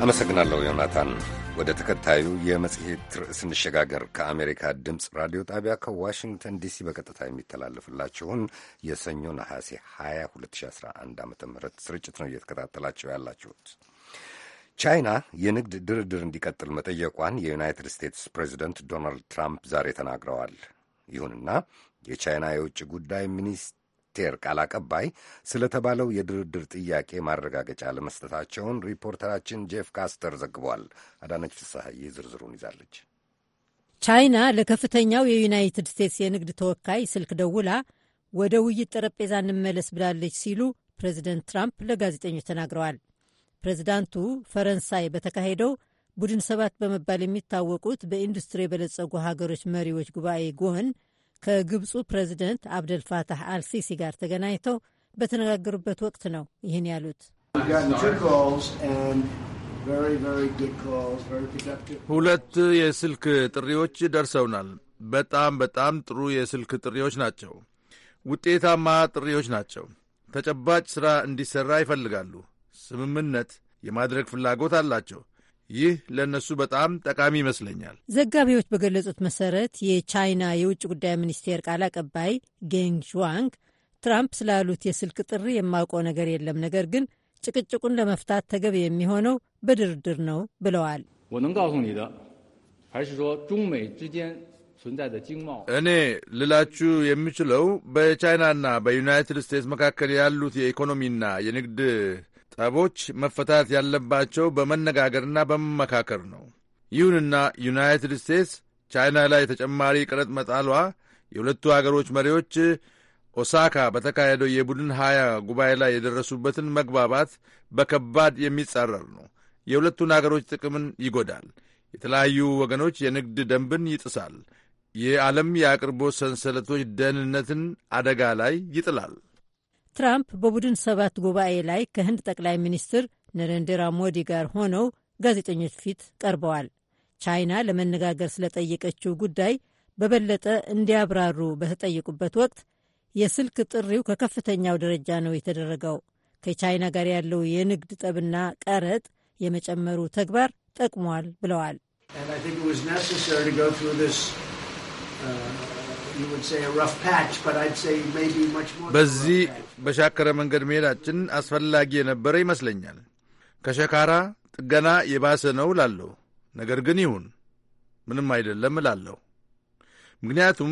አመሰግናለሁ ዮናታን። ወደ ተከታዩ የመጽሔት ርዕስ እንሸጋገር። ከአሜሪካ ድምፅ ራዲዮ ጣቢያ ከዋሽንግተን ዲሲ በቀጥታ የሚተላለፍላችሁን የሰኞ ነሐሴ 20 2011 ዓ ም ስርጭት ነው እየተከታተላችሁ ያላችሁት። ቻይና የንግድ ድርድር እንዲቀጥል መጠየቋን የዩናይትድ ስቴትስ ፕሬዚደንት ዶናልድ ትራምፕ ዛሬ ተናግረዋል። ይሁንና የቻይና የውጭ ጉዳይ ሚኒስት ሚኒስቴር ቃል አቀባይ ስለተባለው የድርድር ጥያቄ ማረጋገጫ ለመስጠታቸውን ሪፖርተራችን ጄፍ ካስተር ዘግቧል። አዳነች ፍስሐዬ ዝርዝሩን ይዛለች። ቻይና ለከፍተኛው የዩናይትድ ስቴትስ የንግድ ተወካይ ስልክ ደውላ ወደ ውይይት ጠረጴዛ እንመለስ ብላለች ሲሉ ፕሬዚደንት ትራምፕ ለጋዜጠኞች ተናግረዋል። ፕሬዚዳንቱ ፈረንሳይ በተካሄደው ቡድን ሰባት በመባል የሚታወቁት በኢንዱስትሪ የበለጸጉ ሀገሮች መሪዎች ጉባኤ ጎን ከግብፁ ፕሬዚደንት አብደል ፋታህ አልሲሲ ጋር ተገናኝተው በተነጋገሩበት ወቅት ነው ይህን ያሉት። ሁለት የስልክ ጥሪዎች ደርሰውናል። በጣም በጣም ጥሩ የስልክ ጥሪዎች ናቸው። ውጤታማ ጥሪዎች ናቸው። ተጨባጭ ሥራ እንዲሠራ ይፈልጋሉ። ስምምነት የማድረግ ፍላጎት አላቸው። ይህ ለእነሱ በጣም ጠቃሚ ይመስለኛል። ዘጋቢዎች በገለጹት መሰረት የቻይና የውጭ ጉዳይ ሚኒስቴር ቃል አቀባይ ጌንግ ዥዋንግ ትራምፕ ስላሉት የስልክ ጥሪ የማውቀው ነገር የለም፣ ነገር ግን ጭቅጭቁን ለመፍታት ተገቢ የሚሆነው በድርድር ነው ብለዋል። እኔ ልላችሁ የምችለው በቻይናና በዩናይትድ ስቴትስ መካከል ያሉት የኢኮኖሚና የንግድ ጠቦች መፈታት ያለባቸው በመነጋገርና በመመካከር ነው። ይሁንና ዩናይትድ ስቴትስ ቻይና ላይ ተጨማሪ ቀረጥ መጣሏ የሁለቱ አገሮች መሪዎች ኦሳካ በተካሄደው የቡድን ሀያ ጉባኤ ላይ የደረሱበትን መግባባት በከባድ የሚጻረር ነው። የሁለቱን አገሮች ጥቅምን ይጎዳል። የተለያዩ ወገኖች የንግድ ደንብን ይጥሳል። የዓለም የአቅርቦት ሰንሰለቶች ደህንነትን አደጋ ላይ ይጥላል። ትራምፕ በቡድን ሰባት ጉባኤ ላይ ከህንድ ጠቅላይ ሚኒስትር ነረንዴራ ሞዲ ጋር ሆነው ጋዜጠኞች ፊት ቀርበዋል። ቻይና ለመነጋገር ስለጠየቀችው ጉዳይ በበለጠ እንዲያብራሩ በተጠየቁበት ወቅት የስልክ ጥሪው ከከፍተኛው ደረጃ ነው የተደረገው። ከቻይና ጋር ያለው የንግድ ጠብና ቀረጥ የመጨመሩ ተግባር ጠቅሟል ብለዋል። በዚህ በሻከረ መንገድ መሄዳችን አስፈላጊ የነበረ ይመስለኛል። ከሸካራ ጥገና የባሰ ነው እላለሁ። ነገር ግን ይሁን ምንም አይደለም እላለሁ። ምክንያቱም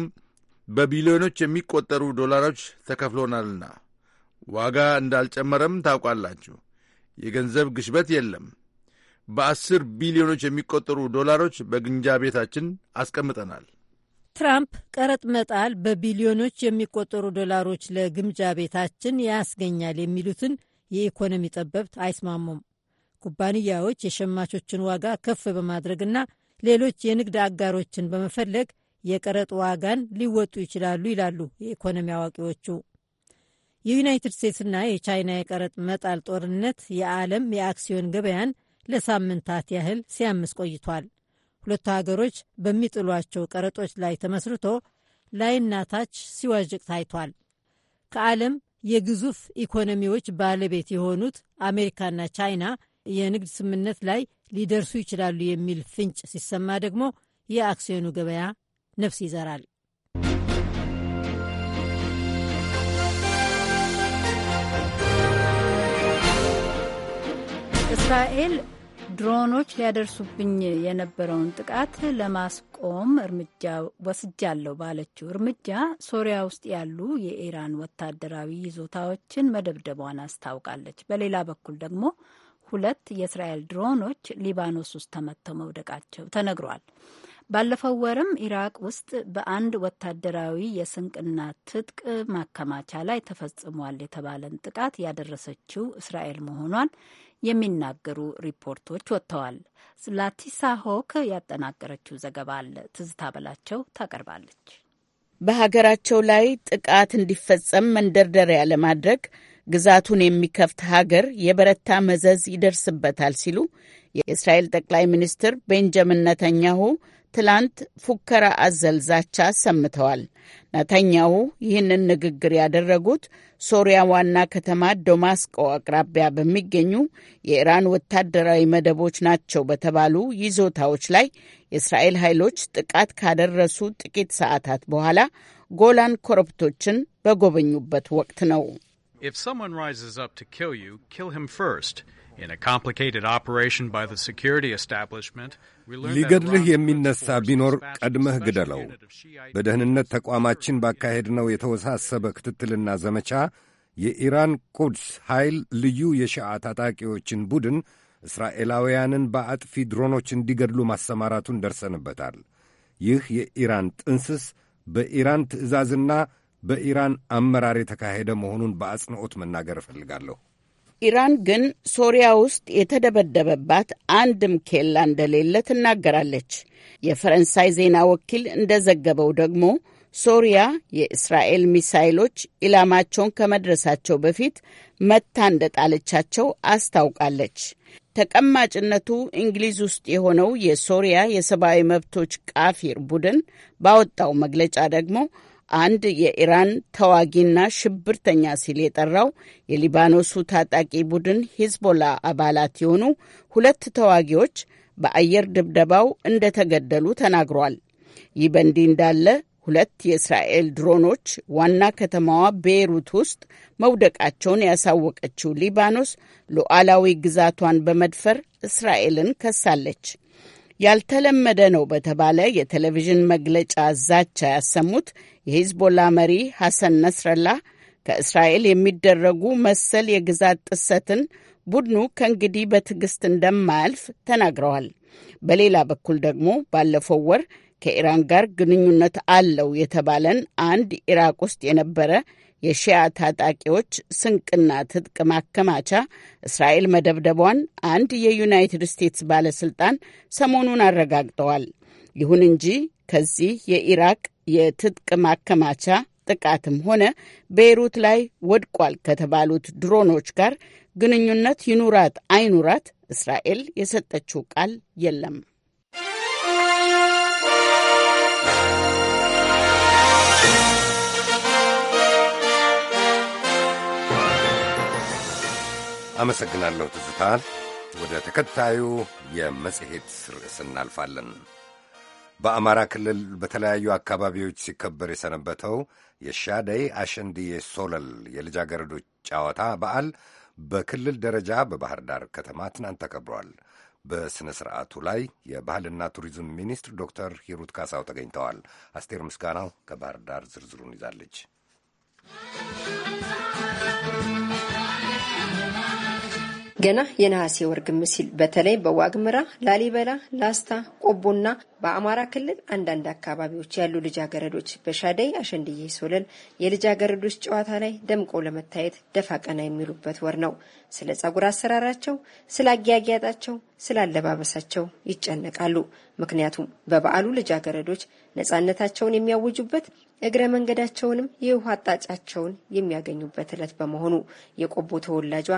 በቢሊዮኖች የሚቆጠሩ ዶላሮች ተከፍሎናልና ዋጋ እንዳልጨመረም ታውቃላችሁ። የገንዘብ ግሽበት የለም። በአስር ቢሊዮኖች የሚቆጠሩ ዶላሮች በግንጃ ቤታችን አስቀምጠናል። ትራምፕ ቀረጥ መጣል በቢሊዮኖች የሚቆጠሩ ዶላሮች ለግምጃ ቤታችን ያስገኛል የሚሉትን የኢኮኖሚ ጠበብት አይስማሙም። ኩባንያዎች የሸማቾችን ዋጋ ከፍ በማድረግና ሌሎች የንግድ አጋሮችን በመፈለግ የቀረጥ ዋጋን ሊወጡ ይችላሉ ይላሉ የኢኮኖሚ አዋቂዎቹ። የዩናይትድ ስቴትስና የቻይና የቀረጥ መጣል ጦርነት የዓለም የአክሲዮን ገበያን ለሳምንታት ያህል ሲያምስ ቆይቷል። ሁለቱ ሀገሮች በሚጥሏቸው ቀረጦች ላይ ተመስርቶ ላይና ታች ሲዋዥቅ ታይቷል። ከዓለም የግዙፍ ኢኮኖሚዎች ባለቤት የሆኑት አሜሪካና ቻይና የንግድ ስምምነት ላይ ሊደርሱ ይችላሉ የሚል ፍንጭ ሲሰማ ደግሞ የአክሲዮኑ ገበያ ነፍስ ይዘራል። እስራኤል ድሮኖች ሊያደርሱብኝ የነበረውን ጥቃት ለማስቆም እርምጃ ወስጃለሁ ባለችው እርምጃ ሶሪያ ውስጥ ያሉ የኢራን ወታደራዊ ይዞታዎችን መደብደቧን አስታውቃለች። በሌላ በኩል ደግሞ ሁለት የእስራኤል ድሮኖች ሊባኖስ ውስጥ ተመተው መውደቃቸው ተነግሯል። ባለፈው ወርም ኢራቅ ውስጥ በአንድ ወታደራዊ የስንቅና ትጥቅ ማከማቻ ላይ ተፈጽሟል የተባለን ጥቃት ያደረሰችው እስራኤል መሆኗን የሚናገሩ ሪፖርቶች ወጥተዋል። ላቲሳ ሆክ ያጠናቀረችው ዘገባ አለ። ትዝታ በላቸው ታቀርባለች። በሀገራቸው ላይ ጥቃት እንዲፈጸም መንደርደሪያ ለማድረግ ግዛቱን የሚከፍት ሀገር የበረታ መዘዝ ይደርስበታል ሲሉ የእስራኤል ጠቅላይ ሚኒስትር ቤንጃሚን ነተኛሁ ትላንት ፉከራ አዘል ዛቻ ሰምተዋል። ነተኛው ይህንን ንግግር ያደረጉት ሶሪያ ዋና ከተማ ዶማስቆ አቅራቢያ በሚገኙ የኢራን ወታደራዊ መደቦች ናቸው በተባሉ ይዞታዎች ላይ የእስራኤል ኃይሎች ጥቃት ካደረሱ ጥቂት ሰዓታት በኋላ ጎላን ኮረብቶችን በጎበኙበት ወቅት ነው። If someone rises up to kill you, kill him first. ሊገድልህ የሚነሳ ቢኖር ቀድመህ ግደለው። በደህንነት ተቋማችን ባካሄድነው የተወሳሰበ ክትትልና ዘመቻ የኢራን ቁድስ ኃይል ልዩ የሺዓ ታጣቂዎችን ቡድን እስራኤላውያንን በአጥፊ ድሮኖች እንዲገድሉ ማሰማራቱን ደርሰንበታል። ይህ የኢራን ጥንስስ በኢራን ትዕዛዝና በኢራን አመራር የተካሄደ መሆኑን በአጽንዖት መናገር እፈልጋለሁ። ኢራን ግን ሶሪያ ውስጥ የተደበደበባት አንድም ኬላ እንደሌለ ትናገራለች። የፈረንሳይ ዜና ወኪል እንደዘገበው ደግሞ ሶሪያ የእስራኤል ሚሳይሎች ኢላማቸውን ከመድረሳቸው በፊት መታ እንደጣለቻቸው አስታውቃለች። ተቀማጭነቱ እንግሊዝ ውስጥ የሆነው የሶሪያ የሰብአዊ መብቶች ቃፊር ቡድን ባወጣው መግለጫ ደግሞ አንድ የኢራን ተዋጊና ሽብርተኛ ሲል የጠራው የሊባኖሱ ታጣቂ ቡድን ሂዝቦላ አባላት የሆኑ ሁለት ተዋጊዎች በአየር ድብደባው እንደተገደሉ ተናግሯል። ይህ በእንዲህ እንዳለ ሁለት የእስራኤል ድሮኖች ዋና ከተማዋ ቤይሩት ውስጥ መውደቃቸውን ያሳወቀችው ሊባኖስ ሉዓላዊ ግዛቷን በመድፈር እስራኤልን ከሳለች። ያልተለመደ ነው በተባለ የቴሌቪዥን መግለጫ ዛቻ ያሰሙት የሂዝቦላ መሪ ሐሰን ነስረላህ ከእስራኤል የሚደረጉ መሰል የግዛት ጥሰትን ቡድኑ ከእንግዲህ በትዕግስት እንደማያልፍ ተናግረዋል። በሌላ በኩል ደግሞ ባለፈው ወር ከኢራን ጋር ግንኙነት አለው የተባለን አንድ ኢራቅ ውስጥ የነበረ የሺያ ታጣቂዎች ስንቅና ትጥቅ ማከማቻ እስራኤል መደብደቧን አንድ የዩናይትድ ስቴትስ ባለስልጣን ሰሞኑን አረጋግጠዋል። ይሁን እንጂ ከዚህ የኢራቅ የትጥቅ ማከማቻ ጥቃትም ሆነ ቤይሩት ላይ ወድቋል ከተባሉት ድሮኖች ጋር ግንኙነት ይኑራት አይኑራት እስራኤል የሰጠችው ቃል የለም። አመሰግናለሁ ትዝታ። ወደ ተከታዩ የመጽሔት ርዕስ እናልፋለን። በአማራ ክልል በተለያዩ አካባቢዎች ሲከበር የሰነበተው የሻደይ አሸንድዬ ሶለል የልጃገረዶች ጨዋታ በዓል በክልል ደረጃ በባህር ዳር ከተማ ትናንት ተከብሯል። በሥነ ሥርዓቱ ላይ የባህልና ቱሪዝም ሚኒስትር ዶክተር ሂሩት ካሳው ተገኝተዋል። አስቴር ምስጋናው ከባህር ዳር ዝርዝሩን ይዛለች። ገና የነሐሴ ወር ግም ሲል በተለይ በዋግምራ፣ ላሊበላ፣ ላስታ፣ ቆቦና በአማራ ክልል አንዳንድ አካባቢዎች ያሉ ልጃገረዶች በሻደይ አሸንድዬ ሶለል የልጃገረዶች ጨዋታ ላይ ደምቆ ለመታየት ደፋ ቀና የሚሉበት ወር ነው። ስለ ጸጉር አሰራራቸው፣ ስለ አጊያጊያጣቸው፣ ስለ አለባበሳቸው ይጨነቃሉ። ምክንያቱም በበዓሉ ልጃገረዶች ነጻነታቸውን የሚያውጁበት እግረ መንገዳቸውንም የውሃ አጣጫቸውን የሚያገኙበት ዕለት በመሆኑ የቆቦ ተወላጇ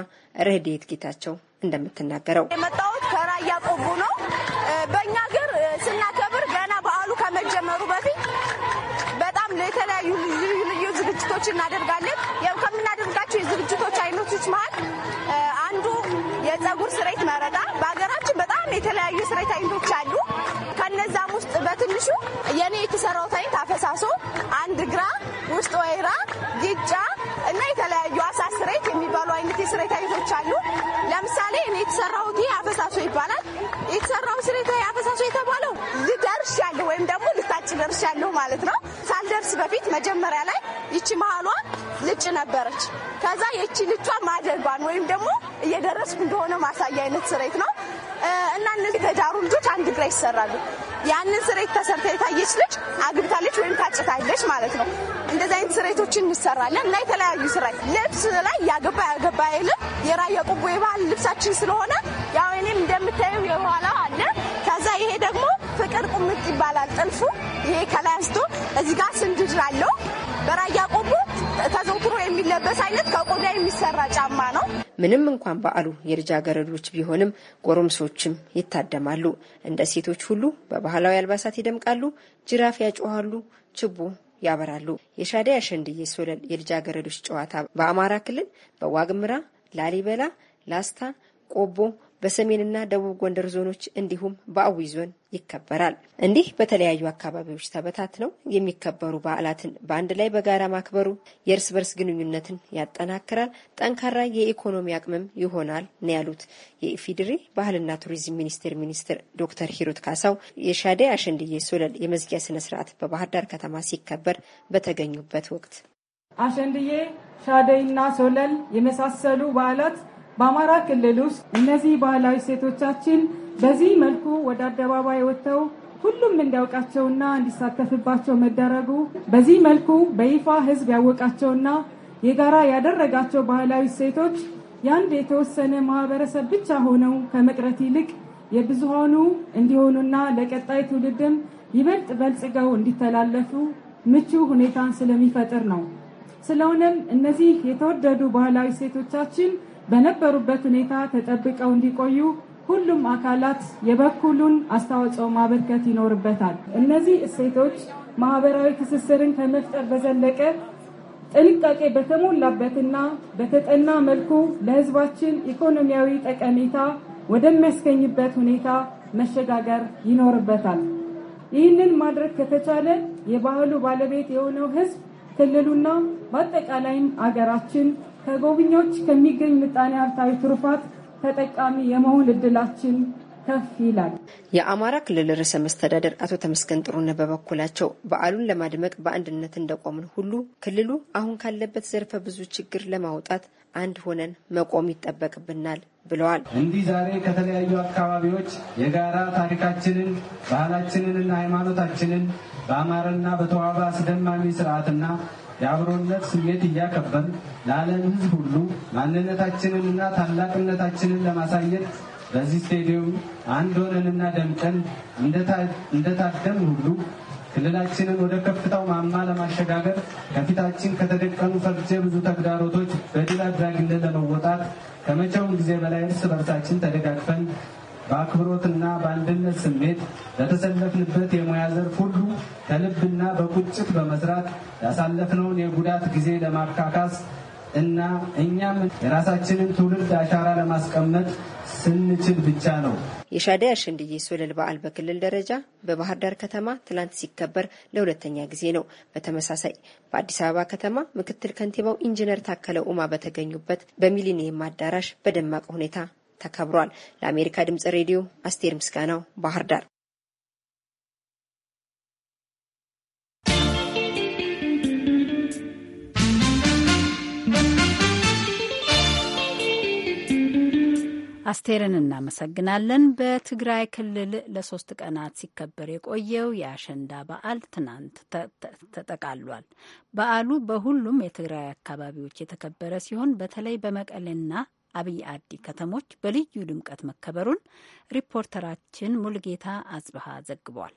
ረህዴት ጌታቸው እንደምትናገረው የመጣሁት ከራያ ቆቦ ነው። በእኛ ሀገር ስናከብር ገና በዓሉ ከመጀመሩ በፊት በጣም የተለያዩ ልዩ ልዩ ዝግጅቶች እናደርጋለን። ያው ከምናደርጋቸው የዝግጅቶች አይነቶች መሀል አንዱ የፀጉር ስሬት መረጣ በሀገራችን የተለያዩ የስራ አይነቶች አሉ። ከነዛም ውስጥ በትንሹ የኔ የተሰራው ታይንት አፈሳሶ፣ አንድ ግራ፣ ውስጥ ወይራ፣ ግጫ እና የተለያዩ አሳስሬት የሚባሉ አይነት የስሬት አይነቶች አሉ። ለምሳሌ እኔ የተሰራው ይሄ አፈሳሶ ይባላል። የተሰራው ስሬ አፈሳሶ የተባለው ልደርሻለሁ ወይም ደግሞ ልታጭ ደርሻለሁ ማለት ነው። ሳልደርስ በፊት መጀመሪያ ላይ ይቺ መሀሏ ልጭ ነበረች። ከዛ የቺ ልቿ ማደጓን ወይም ደግሞ እየደረስኩ እንደሆነ ማሳያ አይነት ስሬት ነው። እና እነዚህ የተዳሩ ልጆች አንድ ግራ ይሰራሉ። ያንን ስሬት ተሰርታ የታየች ልጅ አግብታለች ወይም ታጭታለች ማለት ነው። እንደዚህ አይነት ስሬቶችን እንሰራለን እና የተለያዩ ስራ ልብስ ላይ ያገባ ያገባ አይልም። የራያ ቆቦ የባህል ልብሳችን ስለሆነ ያው እኔም እንደምታየው የኋላ አለ። ከዛ ይሄ ደግሞ ፍቅር ቁምጥ ይባላል ጥልፉ። ይሄ ከላይ አንስቶ እዚህ ጋር ስንድድ አለው። በራያ ቆቦ ተዘውትሮ የሚለበስ አይነት ከቆዳ የሚሰራ ጫማ ነው። ምንም እንኳን በዓሉ የልጃገረዶች ቢሆንም ጎረምሶችም ይታደማሉ። እንደ ሴቶች ሁሉ በባህላዊ አልባሳት ይደምቃሉ፣ ጅራፍ ያጮኋሉ፣ ችቦ ያበራሉ። የሻደይ አሸንድዬ ሶለል የልጃገረዶች ጨዋታ በአማራ ክልል በዋግምራ ላሊበላ፣ ላስታ፣ ቆቦ በሰሜንና ደቡብ ጎንደር ዞኖች እንዲሁም በአዊ ዞን ይከበራል። እንዲህ በተለያዩ አካባቢዎች ተበታትነው የሚከበሩ በዓላትን በአንድ ላይ በጋራ ማክበሩ የእርስ በርስ ግንኙነትን ያጠናክራል፣ ጠንካራ የኢኮኖሚ አቅምም ይሆናል ነው ያሉት የኢፌዴሪ ባህልና ቱሪዝም ሚኒስቴር ሚኒስትር ዶክተር ሂሩት ካሳው የሻደ አሸንድዬ ሶለል የመዝጊያ ስነ ስርዓት በባህር ዳር ከተማ ሲከበር በተገኙበት ወቅት አሸንድዬ ሻደይና ሶለል የመሳሰሉ በዓላት በአማራ ክልል ውስጥ እነዚህ ባህላዊ ሴቶቻችን በዚህ መልኩ ወደ አደባባይ ወጥተው ሁሉም እንዲያውቃቸውና እንዲሳተፍባቸው መደረጉ በዚህ መልኩ በይፋ ሕዝብ ያወቃቸውና የጋራ ያደረጋቸው ባህላዊ ሴቶች የአንድ የተወሰነ ማህበረሰብ ብቻ ሆነው ከመቅረት ይልቅ የብዙሃኑ እንዲሆኑና ለቀጣይ ትውልድም ይበልጥ በልጽገው እንዲተላለፉ ምቹ ሁኔታን ስለሚፈጥር ነው። ስለሆነም እነዚህ የተወደዱ ባህላዊ ሴቶቻችን በነበሩበት ሁኔታ ተጠብቀው እንዲቆዩ ሁሉም አካላት የበኩሉን አስተዋጽኦ ማበርከት ይኖርበታል። እነዚህ እሴቶች ማህበራዊ ትስስርን ከመፍጠር በዘለቀ ጥንቃቄ በተሞላበትና በተጠና መልኩ ለሕዝባችን ኢኮኖሚያዊ ጠቀሜታ ወደሚያስገኝበት ሁኔታ መሸጋገር ይኖርበታል። ይህንን ማድረግ ከተቻለ የባህሉ ባለቤት የሆነው ሕዝብ ክልሉና በአጠቃላይም አገራችን ከጎብኚዎች ከሚገኝ ምጣኔ ሀብታዊ ትሩፋት ተጠቃሚ የመሆን እድላችን ከፍ ይላል። የአማራ ክልል ርዕሰ መስተዳደር አቶ ተመስገን ጥሩነህ በበኩላቸው በዓሉን ለማድመቅ በአንድነት እንደቆምን ሁሉ ክልሉ አሁን ካለበት ዘርፈ ብዙ ችግር ለማውጣት አንድ ሆነን መቆም ይጠበቅብናል ብለዋል። እንዲህ ዛሬ ከተለያዩ አካባቢዎች የጋራ ታሪካችንን፣ ባህላችንንና ሃይማኖታችንን በአማረና በተዋበ አስደማሚ ስርዓትና የአብሮነት ስሜት እያከበር ለዓለም ሕዝብ ሁሉ ማንነታችንንና ታላቅነታችንን ለማሳየት በዚህ ስቴዲየም አንድ ሆነንና ደምቀን እንደታደም ሁሉ ክልላችንን ወደ ከፍታው ማማ ለማሸጋገር ከፊታችን ከተደቀኑ ፈርጀ ብዙ ተግዳሮቶች በድል አድራጊነት ለመወጣት ከመቼውም ጊዜ በላይ እርስ በርሳችን ተደጋግፈን በአክብሮትና በአንድነት ስሜት ለተሰለፍንበት የሙያ ዘርፍ ሁሉ ከልብና በቁጭት በመስራት ያሳለፍነውን የጉዳት ጊዜ ለማካካስ እና እኛም የራሳችንን ትውልድ አሻራ ለማስቀመጥ ስንችል ብቻ ነው። የሻደይ አሸንድዬ ሶለል በዓል በክልል ደረጃ በባህር ዳር ከተማ ትላንት ሲከበር ለሁለተኛ ጊዜ ነው። በተመሳሳይ በአዲስ አበባ ከተማ ምክትል ከንቲባው ኢንጂነር ታከለ ኡማ በተገኙበት በሚሊኒየም አዳራሽ በደማቅ ሁኔታ ተከብሯል። ለአሜሪካ ድምጽ ሬዲዮ አስቴር ምስጋናው ባህር ዳር። አስቴርን እናመሰግናለን። በትግራይ ክልል ለሶስት ቀናት ሲከበር የቆየው የአሸንዳ በዓል ትናንት ተጠቃሏል። በዓሉ በሁሉም የትግራይ አካባቢዎች የተከበረ ሲሆን በተለይ በመቀሌና አብይ አዲ ከተሞች በልዩ ድምቀት መከበሩን ሪፖርተራችን ሙልጌታ አጽብሃ ዘግቧል።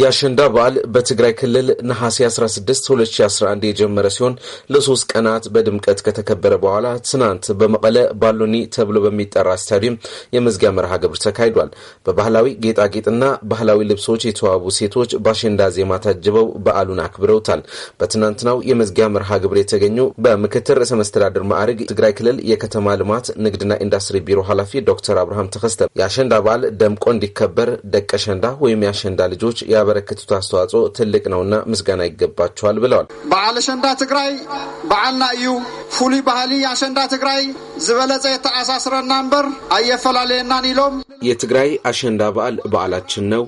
የአሸንዳ በዓል በትግራይ ክልል ነሐሴ 16 2011 የጀመረ ሲሆን ለሶስት ቀናት በድምቀት ከተከበረ በኋላ ትናንት በመቀለ ባሎኒ ተብሎ በሚጠራ ስታዲየም የመዝጊያ መርሃ ግብር ተካሂዷል። በባህላዊ ጌጣጌጥና ባህላዊ ልብሶች የተዋቡ ሴቶች በአሸንዳ ዜማ ታጅበው በዓሉን አክብረውታል። በትናንትናው የመዝጊያ መርሃ ግብር የተገኙ በምክትል ርዕሰ መስተዳድር ማዕርግ ትግራይ ክልል የከተማ ልማት ንግድና ኢንዱስትሪ ቢሮ ኃላፊ ዶክተር አብርሃም ተከስተ የአሸንዳ በዓል ደምቆ እንዲከበር ደቀ ሸንዳ ወይም የአሸንዳ ልጆች ላበረከቱት አስተዋጽኦ ትልቅ ነውና ምስጋና ይገባቸዋል ብለዋል። በዓል አሸንዳ ትግራይ በዓልና እዩ ፍሉይ ባህሊ አሸንዳ ትግራይ ዝበለጸ የተኣሳስረና እምበር ኣየፈላለየናን ኢሎም የትግራይ አሸንዳ በዓል በዓላችን ነው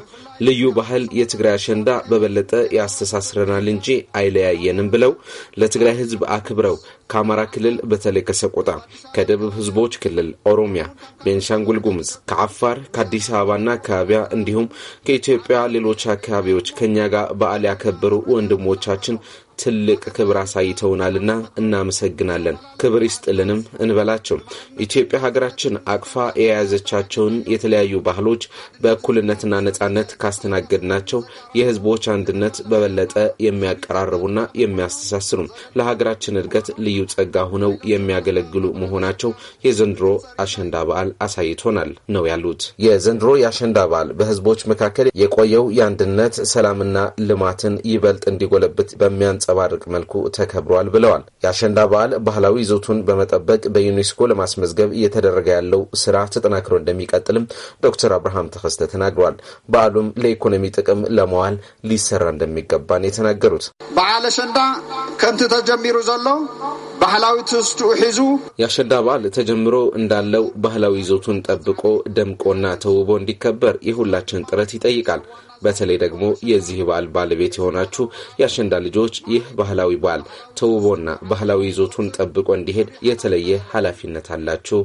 ልዩ ባህል የትግራይ አሸንዳ በበለጠ ያስተሳስረናል እንጂ አይለያየንም ብለው ለትግራይ ህዝብ አክብረው ከአማራ ክልል በተለይ ከሰቆጣ፣ ከደቡብ ህዝቦች ክልል፣ ኦሮሚያ፣ ቤንሻንጉል ጉምዝ፣ ከአፋር፣ ከአዲስ አበባና አካባቢያ እንዲሁም ከኢትዮጵያ ሌሎች አካባቢዎች ከእኛ ጋር በዓል ያከበሩ ወንድሞቻችን ትልቅ ክብር አሳይተውናልና እናመሰግናለን። ክብር ይስጥልንም እንበላቸው። ኢትዮጵያ ሀገራችን አቅፋ የያዘቻቸውን የተለያዩ ባህሎች በእኩልነትና ነጻነት ካስተናገድናቸው የህዝቦች አንድነት በበለጠ የሚያቀራርቡና የሚያስተሳስሩ ለሀገራችን እድገት ልዩ ጸጋ ሆነው የሚያገለግሉ መሆናቸው የዘንድሮ አሸንዳ በዓል አሳይቶናል ነው ያሉት። የዘንድሮ የአሸንዳ በዓል በህዝቦች መካከል የቆየው የአንድነት ሰላምና ልማትን ይበልጥ እንዲጎለብት በሚያንጽ በሚያንጸባርቅ መልኩ ተከብሯል ብለዋል። የአሸንዳ በዓል ባህላዊ ይዘቱን በመጠበቅ በዩኔስኮ ለማስመዝገብ እየተደረገ ያለው ስራ ተጠናክሮ እንደሚቀጥልም ዶክተር አብርሃም ተከስተ ተናግሯል። በዓሉም ለኢኮኖሚ ጥቅም ለመዋል ሊሰራ እንደሚገባን የተናገሩት በዓል አሸንዳ ከምቲ ተጀሚሩ ዘሎ ባህላዊ ትሕዝቱ ሒዙ የአሸንዳ በዓል ተጀምሮ እንዳለው ባህላዊ ይዘቱን ጠብቆ ደምቆና ተውቦ እንዲከበር የሁላችን ጥረት ይጠይቃል። በተለይ ደግሞ የዚህ በዓል ባለቤት የሆናችሁ የአሸንዳ ልጆች ይህ ባህላዊ በዓል ተውቦና ባህላዊ ይዞቱን ጠብቆ እንዲሄድ የተለየ ኃላፊነት አላችሁ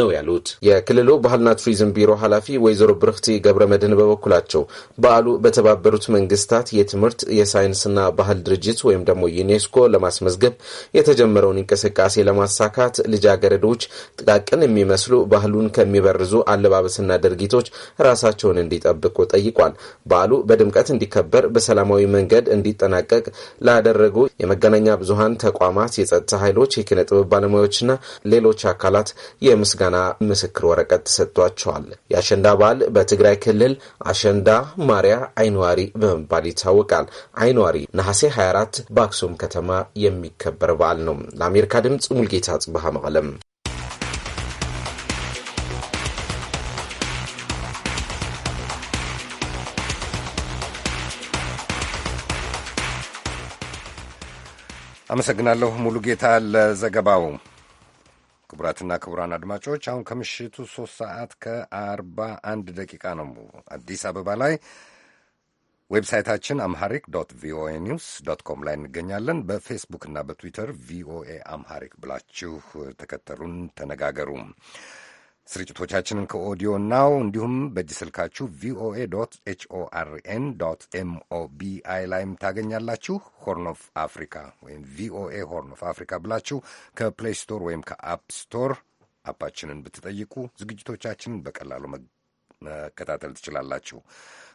ነው ያሉት። የክልሉ ባህልና ቱሪዝም ቢሮ ኃላፊ ወይዘሮ ብርክቲ ገብረ መድህን በበኩላቸው በዓሉ በተባበሩት መንግስታት የትምህርት የሳይንስና ባህል ድርጅት ወይም ደግሞ ዩኔስኮ ለማስመዝገብ የተጀመረውን እንቅስቃሴ ለማሳካት ልጃገረዶች ጥቃቅን የሚመስሉ ባህሉን ከሚበርዙ አለባበስና ድርጊቶች ራሳቸውን እንዲጠብቁ ጠይቋል። በዓሉ በድምቀት እንዲከበር በሰላማዊ መንገድ እንዲጠናቀቅ ላደረጉ የመገናኛ ብዙሀን ተቋማት፣ የጸጥታ ኃይሎች፣ የኪነጥበብ ባለሙያዎችና ሌሎች አካላት የምስጋ የምስጋና ምስክር ወረቀት ተሰጥቷቸዋል። የአሸንዳ በዓል በትግራይ ክልል አሸንዳ ማርያ አይንዋሪ በመባል ይታወቃል። አይንዋሪ ነሐሴ 24 በአክሱም ከተማ የሚከበር በዓል ነው። ለአሜሪካ ድምፅ ሙልጌታ ጽብሃ መቀለም። አመሰግናለሁ ሙሉ ጌታ ለዘገባው። ክቡራትና ክቡራን አድማጮች አሁን ከምሽቱ ሶስት ሰዓት ከአርባ አንድ ደቂቃ ነው አዲስ አበባ ላይ። ዌብሳይታችን አምሃሪክ ዶት ቪኦኤ ኒውስ ዶት ኮም ላይ እንገኛለን። በፌስቡክና በትዊተር ቪኦኤ አምሃሪክ ብላችሁ ተከተሉን፣ ተነጋገሩ። ስርጭቶቻችንን ከኦዲዮ ናው እንዲሁም በእጅ ስልካችሁ ቪኦኤ ኤችኦአርኤን ኤምኦቢአይ ላይም ታገኛላችሁ። ሆርን ኦፍ አፍሪካ ወይም ቪኦኤ ሆርን ኦፍ አፍሪካ ብላችሁ ከፕሌይ ስቶር ወይም ከአፕ ስቶር አፓችንን ብትጠይቁ ዝግጅቶቻችንን በቀላሉ መከታተል ትችላላችሁ።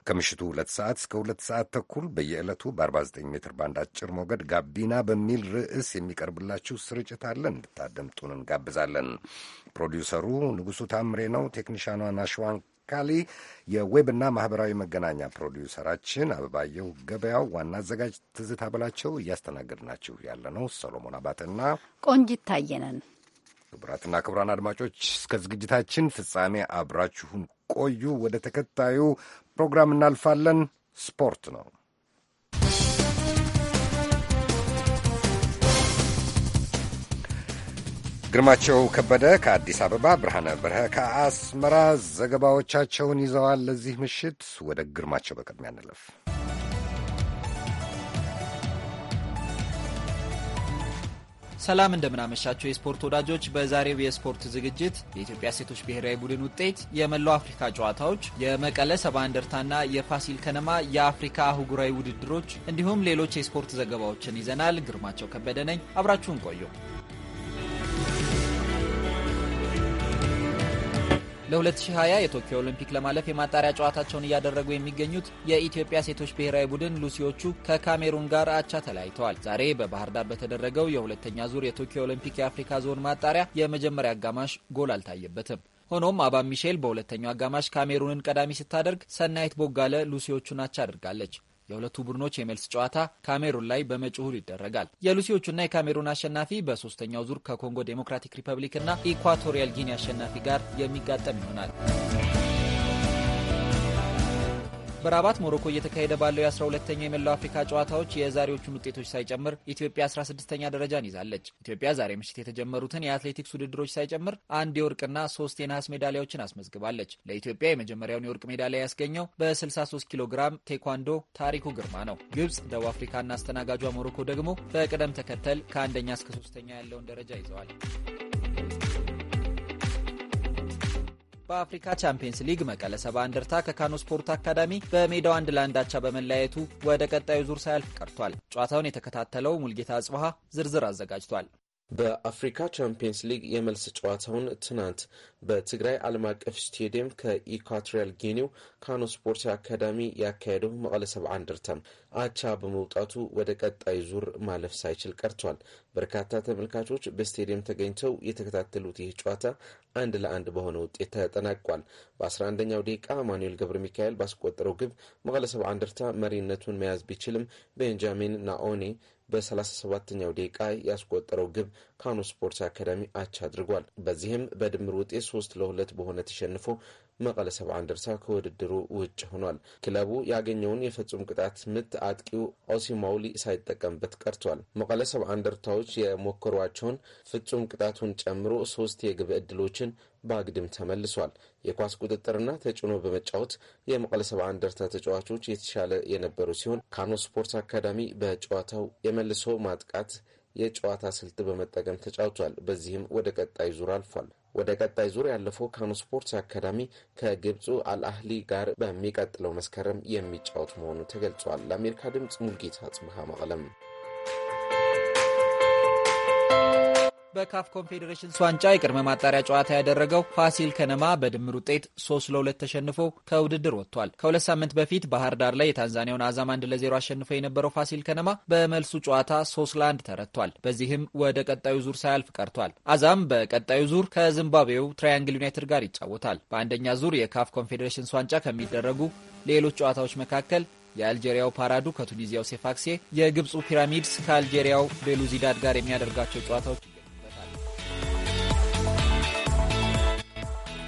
ከምሽቱ ሁለት ሰዓት እስከ ሁለት ሰዓት ተኩል በየዕለቱ በ49 ሜትር ባንድ አጭር ሞገድ ጋቢና በሚል ርዕስ የሚቀርብላችሁ ስርጭት አለን። እንድታደምጡን እንጋብዛለን። ፕሮዲውሰሩ ንጉሡ ታምሬ ነው። ቴክኒሻኗ ናሽዋን ካሊ፣ የዌብና ማህበራዊ መገናኛ ፕሮዲውሰራችን አበባየሁ ገበያው፣ ዋና አዘጋጅ ትዝታ በላቸው። እያስተናገድናችሁ ያለ ነው ሰሎሞን አባተና ቆንጂት ታየነን። ክቡራትና ክቡራን አድማጮች እስከ ዝግጅታችን ፍጻሜ አብራችሁን ቆዩ። ወደ ተከታዩ ፕሮግራም እናልፋለን። ስፖርት ነው። ግርማቸው ከበደ ከአዲስ አበባ፣ ብርሃነ በረሀ ከአስመራ ዘገባዎቻቸውን ይዘዋል። ለዚህ ምሽት ወደ ግርማቸው በቅድሚያ እንለፍ። ሰላም እንደምናመሻቸው የስፖርት ወዳጆች። በዛሬው የስፖርት ዝግጅት የኢትዮጵያ ሴቶች ብሔራዊ ቡድን ውጤት፣ የመላው አፍሪካ ጨዋታዎች፣ የመቀለ ሰባ እንደርታና የፋሲል ከነማ የአፍሪካ አህጉራዊ ውድድሮች እንዲሁም ሌሎች የስፖርት ዘገባዎችን ይዘናል። ግርማቸው ከበደ ነኝ። አብራችሁን ቆዩ። ለ2020 የቶኪዮ ኦሎምፒክ ለማለፍ የማጣሪያ ጨዋታቸውን እያደረጉ የሚገኙት የኢትዮጵያ ሴቶች ብሔራዊ ቡድን ሉሲዎቹ ከካሜሩን ጋር አቻ ተለያይተዋል። ዛሬ በባህር ዳር በተደረገው የሁለተኛ ዙር የቶኪዮ ኦሎምፒክ የአፍሪካ ዞን ማጣሪያ የመጀመሪያ አጋማሽ ጎል አልታየበትም። ሆኖም አባ ሚሼል በሁለተኛው አጋማሽ ካሜሩንን ቀዳሚ ስታደርግ፣ ሰናይት ቦጋለ ሉሲዎቹን አቻ አድርጋለች። የሁለቱ ቡድኖች የመልስ ጨዋታ ካሜሩን ላይ በመጪው እሁድ ይደረጋል። የሉሲዎቹና የካሜሩን አሸናፊ በሶስተኛው ዙር ከኮንጎ ዴሞክራቲክ ሪፐብሊክና ኢኳቶሪያል ጊኒ አሸናፊ ጋር የሚጋጠም ይሆናል። በራባት ሞሮኮ እየተካሄደ ባለው የ12ተኛው የመላው አፍሪካ ጨዋታዎች የዛሬዎቹን ውጤቶች ሳይጨምር ኢትዮጵያ 16ኛ ደረጃን ይዛለች። ኢትዮጵያ ዛሬ ምሽት የተጀመሩትን የአትሌቲክስ ውድድሮች ሳይጨምር አንድ የወርቅና ሶስት የነሐስ ሜዳሊያዎችን አስመዝግባለች። ለኢትዮጵያ የመጀመሪያውን የወርቅ ሜዳሊያ ያስገኘው በ63 ኪሎ ግራም ቴኳንዶ ታሪኩ ግርማ ነው። ግብፅ፣ ደቡብ አፍሪካና አስተናጋጇ ሞሮኮ ደግሞ በቅደም ተከተል ከአንደኛ እስከ ሶስተኛ ያለውን ደረጃ ይዘዋል። በአፍሪካ ቻምፒየንስ ሊግ መቀለ ሰባ እንደርታ ከካኖ ስፖርት አካዳሚ በሜዳው አንድ ለአንድ አቻ በመለያየቱ ወደ ቀጣዩ ዙር ሳያልፍ ቀርቷል። ጨዋታውን የተከታተለው ሙልጌታ አጽብሃ ዝርዝር አዘጋጅቷል። በአፍሪካ ቻምፒየንስ ሊግ የመልስ ጨዋታውን ትናንት በትግራይ ዓለም አቀፍ ስቴዲየም ከኢኳቶሪያል ጊኒው ካኖ ስፖርት አካዳሚ ያካሄደው መቀለ ሰባ እንደርታም አቻ በመውጣቱ ወደ ቀጣይ ዙር ማለፍ ሳይችል ቀርቷል። በርካታ ተመልካቾች በስቴዲየም ተገኝተው የተከታተሉት ይህ ጨዋታ አንድ ለአንድ በሆነ ውጤት ተጠናቋል። በ11ኛው ደቂቃ ማኑኤል ገብረ ሚካኤል ባስቆጠረው ግብ መቀለ ሰባ እንደርታ መሪነቱን መያዝ ቢችልም ቤንጃሚን ናኦኔ በ37ኛው ደቂቃ ያስቆጠረው ግብ ካኑ ስፖርት አካዳሚ አቻ አድርጓል። በዚህም በድምር ውጤት ሶስት ለሁለት በሆነ ተሸንፎ መቀለ ሰባ አንድ ከውድድሩ ውጭ ሆኗል። ክለቡ ያገኘውን የፍጹም ቅጣት ምት አጥቂው ኦሲማውሊ ሳይጠቀምበት ቀርቷል። መቀለ ሰባ አንድ የሞከሯቸውን ፍጹም ቅጣቱን ጨምሮ ሶስት የግብ ዕድሎችን በአግድም ተመልሷል። የኳስ ቁጥጥርና ተጭኖ በመጫወት የመቀለ ሰባ እንደርታ ተጫዋቾች የተሻለ የነበሩ ሲሆን ካኖ ስፖርት አካዳሚ በጨዋታው የመልሶ ማጥቃት የጨዋታ ስልት በመጠቀም ተጫውቷል። በዚህም ወደ ቀጣይ ዙር አልፏል። ወደ ቀጣይ ዙር ያለፈው ካኑ ስፖርት አካዳሚ ከግብፁ አልአህሊ ጋር በሚቀጥለው መስከረም የሚጫወት መሆኑ ተገልጿል። ለአሜሪካ ድምፅ ሙልጌታ ጽብሃ መቀለም በካፍ ኮንፌዴሬሽንስ ዋንጫ የቅድመ ማጣሪያ ጨዋታ ያደረገው ፋሲል ከነማ በድምር ውጤት ሶስት ለሁለት ተሸንፎ ከውድድር ወጥቷል። ከሁለት ሳምንት በፊት ባህር ዳር ላይ የታንዛኒያውን አዛም አንድ ለዜሮ አሸንፎ የነበረው ፋሲል ከነማ በመልሱ ጨዋታ ሶስት ለአንድ ተረቷል። በዚህም ወደ ቀጣዩ ዙር ሳያልፍ ቀርቷል። አዛም በቀጣዩ ዙር ከዚምባብዌው ትራያንግል ዩናይትድ ጋር ይጫወታል። በአንደኛ ዙር የካፍ ኮንፌዴሬሽንስ ዋንጫ ከሚደረጉ ሌሎች ጨዋታዎች መካከል የአልጄሪያው ፓራዱ ከቱኒዚያው ሴፋክሴ፣ የግብፁ ፒራሚድስ ከአልጄሪያው ቤሉዚዳድ ጋር የሚያደርጋቸው ጨዋታዎች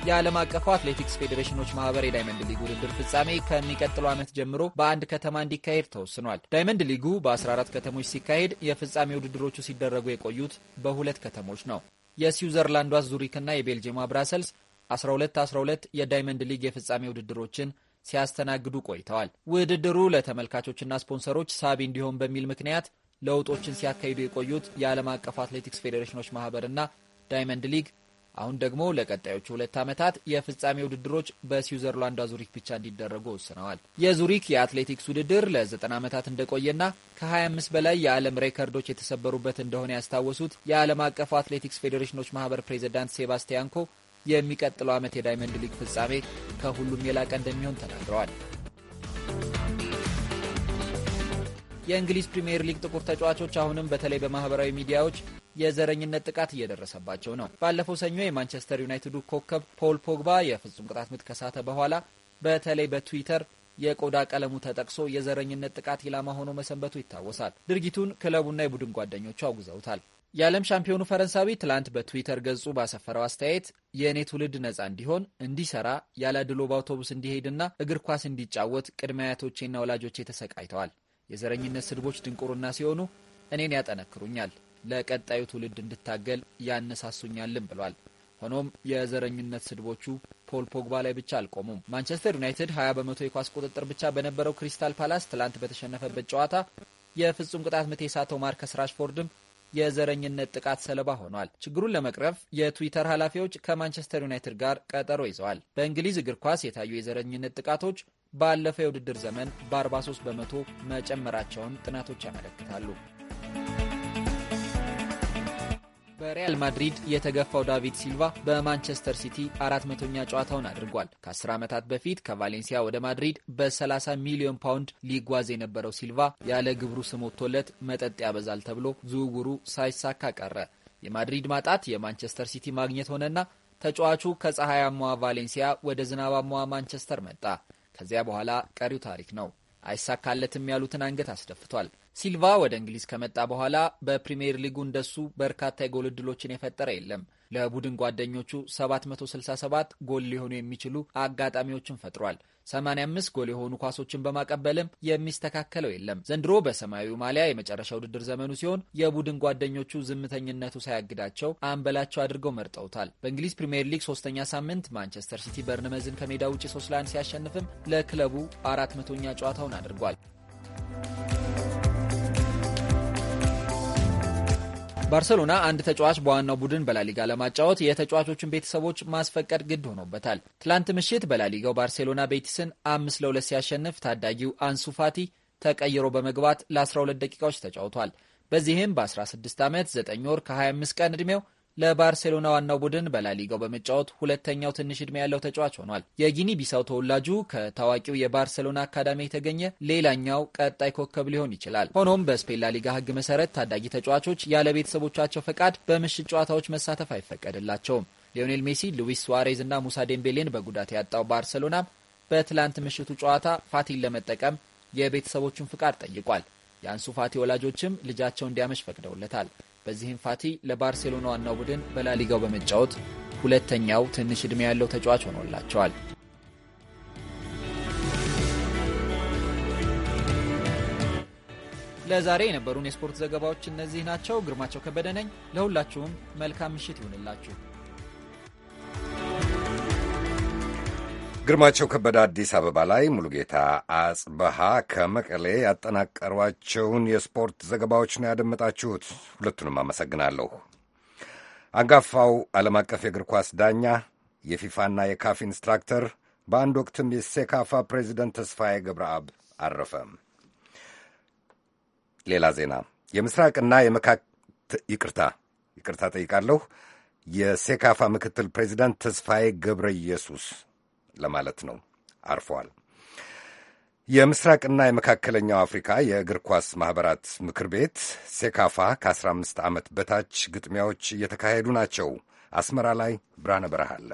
የዓለም አቀፉ አትሌቲክስ ፌዴሬሽኖች ማህበር የዳይመንድ ሊግ ውድድር ፍጻሜ ከሚቀጥለው ዓመት ጀምሮ በአንድ ከተማ እንዲካሄድ ተወስኗል። ዳይመንድ ሊጉ በ14 ከተሞች ሲካሄድ የፍጻሜ ውድድሮቹ ሲደረጉ የቆዩት በሁለት ከተሞች ነው። የስዊዘርላንዷ ዙሪክና የቤልጅየሟ ብራሰልስ 12 12 የዳይመንድ ሊግ የፍጻሜ ውድድሮችን ሲያስተናግዱ ቆይተዋል። ውድድሩ ለተመልካቾችና ስፖንሰሮች ሳቢ እንዲሆን በሚል ምክንያት ለውጦችን ሲያካሂዱ የቆዩት የዓለም አቀፍ አትሌቲክስ ፌዴሬሽኖች ማህበርና ዳይመንድ ሊግ አሁን ደግሞ ለቀጣዮቹ ሁለት ዓመታት የፍጻሜ ውድድሮች በስዊዘርላንዷ ዙሪክ ብቻ እንዲደረጉ ወስነዋል። የዙሪክ የአትሌቲክስ ውድድር ለ90 ዓመታት እንደቆየና ከ25 በላይ የዓለም ሬከርዶች የተሰበሩበት እንደሆነ ያስታወሱት የዓለም አቀፉ አትሌቲክስ ፌዴሬሽኖች ማህበር ፕሬዚዳንት ሴባስቲያን ኮ የሚቀጥለው ዓመት የዳይመንድ ሊግ ፍጻሜ ከሁሉም የላቀ እንደሚሆን ተናግረዋል። የእንግሊዝ ፕሪምየር ሊግ ጥቁር ተጫዋቾች አሁንም በተለይ በማህበራዊ ሚዲያዎች የዘረኝነት ጥቃት እየደረሰባቸው ነው። ባለፈው ሰኞ የማንቸስተር ዩናይትዱ ኮከብ ፖል ፖግባ የፍጹም ቅጣት ምት ከሳተ በኋላ በተለይ በትዊተር የቆዳ ቀለሙ ተጠቅሶ የዘረኝነት ጥቃት ኢላማ ሆኖ መሰንበቱ ይታወሳል። ድርጊቱን ክለቡና የቡድን ጓደኞቹ አውግዘውታል። የዓለም ሻምፒዮኑ ፈረንሳዊ ትላንት በትዊተር ገጹ ባሰፈረው አስተያየት የእኔ ትውልድ ነጻ እንዲሆን እንዲሰራ፣ ያለ ድሎ በአውቶቡስ እንዲሄድና እግር ኳስ እንዲጫወት ቅድመ አያቶቼና ወላጆቼ ተሰቃይተዋል። የዘረኝነት ስድቦች ድንቁርና ሲሆኑ እኔን ያጠነክሩኛል ለቀጣዩ ትውልድ እንድታገል ያነሳሱኛልም ብሏል። ሆኖም የዘረኝነት ስድቦቹ ፖል ፖግባ ላይ ብቻ አልቆሙም። ማንቸስተር ዩናይትድ 20 በመቶ የኳስ ቁጥጥር ብቻ በነበረው ክሪስታል ፓላስ ትላንት በተሸነፈበት ጨዋታ የፍጹም ቅጣት ምት የሳተው ማርከስ ራሽፎርድም የዘረኝነት ጥቃት ሰለባ ሆኗል። ችግሩን ለመቅረፍ የትዊተር ኃላፊዎች ከማንቸስተር ዩናይትድ ጋር ቀጠሮ ይዘዋል። በእንግሊዝ እግር ኳስ የታዩ የዘረኝነት ጥቃቶች ባለፈው የውድድር ዘመን በ43 በመቶ መጨመራቸውን ጥናቶች ያመለክታሉ። በሪያል ማድሪድ የተገፋው ዳቪድ ሲልቫ በማንቸስተር ሲቲ አራት መቶኛ ጨዋታውን አድርጓል። ከ10 ዓመታት በፊት ከቫሌንሲያ ወደ ማድሪድ በ30 ሚሊዮን ፓውንድ ሊጓዝ የነበረው ሲልቫ ያለ ግብሩ ስሞቶለት መጠጥ ያበዛል ተብሎ ዝውውሩ ሳይሳካ ቀረ። የማድሪድ ማጣት የማንቸስተር ሲቲ ማግኘት ሆነና ተጫዋቹ ከፀሐያማዋ ቫሌንሲያ ወደ ዝናባማዋ ማንቸስተር መጣ። ከዚያ በኋላ ቀሪው ታሪክ ነው። አይሳካለትም ያሉትን አንገት አስደፍቷል። ሲልቫ ወደ እንግሊዝ ከመጣ በኋላ በፕሪምየር ሊጉ እንደሱ በርካታ የጎል እድሎችን የፈጠረ የለም። ለቡድን ጓደኞቹ 767 ጎል ሊሆኑ የሚችሉ አጋጣሚዎችን ፈጥሯል። 85 ጎል የሆኑ ኳሶችን በማቀበልም የሚስተካከለው የለም። ዘንድሮ በሰማያዊ ማሊያ የመጨረሻ ውድድር ዘመኑ ሲሆን የቡድን ጓደኞቹ ዝምተኝነቱ ሳያግዳቸው አንበላቸው አድርገው መርጠውታል። በእንግሊዝ ፕሪምየር ሊግ ሶስተኛ ሳምንት ማንቸስተር ሲቲ በርንመዝን ከሜዳ ውጭ 3 ለአንድ ሲያሸንፍም ለክለቡ አራት መቶኛ ጨዋታውን አድርጓል። ባርሰሎና አንድ ተጫዋች በዋናው ቡድን በላሊጋ ለማጫወት የተጫዋቾችን ቤተሰቦች ማስፈቀድ ግድ ሆኖበታል። ትላንት ምሽት በላሊጋው ባርሴሎና ቤቲስን አምስት ለሁለት ሲያሸንፍ ታዳጊው አንሱፋቲ ተቀይሮ በመግባት ለ12 ደቂቃዎች ተጫውቷል። በዚህም በ16 ዓመት 9 ወር ከ25 ቀን ዕድሜው ለባርሴሎና ዋናው ቡድን በላሊጋው በመጫወት ሁለተኛው ትንሽ እድሜ ያለው ተጫዋች ሆኗል። የጊኒ ቢሳው ተወላጁ ከታዋቂው የባርሴሎና አካዳሚ የተገኘ ሌላኛው ቀጣይ ኮከብ ሊሆን ይችላል። ሆኖም በስፔን ላሊጋ ሕግ መሰረት ታዳጊ ተጫዋቾች ያለ ቤተሰቦቻቸው ፈቃድ በምሽት ጨዋታዎች መሳተፍ አይፈቀድላቸውም። ሊዮኔል ሜሲ፣ ሉዊስ ሱዋሬዝ እና ሙሳ ዴምቤሌን በጉዳት ያጣው ባርሴሎና በትላንት ምሽቱ ጨዋታ ፋቲን ለመጠቀም የቤተሰቦቹን ፍቃድ ጠይቋል። የአንሱ ፋቲ ወላጆችም ልጃቸው እንዲያመሽ ፈቅደውለታል። በዚህም ፋቲ ለባርሴሎና ዋናው ቡድን በላሊጋው በመጫወት ሁለተኛው ትንሽ ዕድሜ ያለው ተጫዋች ሆኖላቸዋል። ለዛሬ የነበሩን የስፖርት ዘገባዎች እነዚህ ናቸው። ግርማቸው ከበደ ነኝ። ለሁላችሁም መልካም ምሽት ይሁንላችሁ። ግርማቸው ከበደ አዲስ አበባ ላይ፣ ሙሉጌታ አጽበሃ ከመቀሌ ያጠናቀሯቸውን የስፖርት ዘገባዎች ነው ያደመጣችሁት። ሁለቱንም አመሰግናለሁ። አንጋፋው ዓለም አቀፍ የእግር ኳስ ዳኛ የፊፋና የካፍ ኢንስትራክተር በአንድ ወቅትም የሴካፋ ፕሬዚደንት ተስፋዬ ገብረአብ አረፈ። ሌላ ዜና የምስራቅና የመካት ይቅርታ ይቅርታ ጠይቃለሁ። የሴካፋ ምክትል ፕሬዚዳንት ተስፋዬ ገብረ ኢየሱስ ለማለት ነው አርፈዋል። የምስራቅና የመካከለኛው አፍሪካ የእግር ኳስ ማኅበራት ምክር ቤት ሴካፋ ከ15 ዓመት በታች ግጥሚያዎች እየተካሄዱ ናቸው። አስመራ ላይ ብርሃነ በረሃ አለ።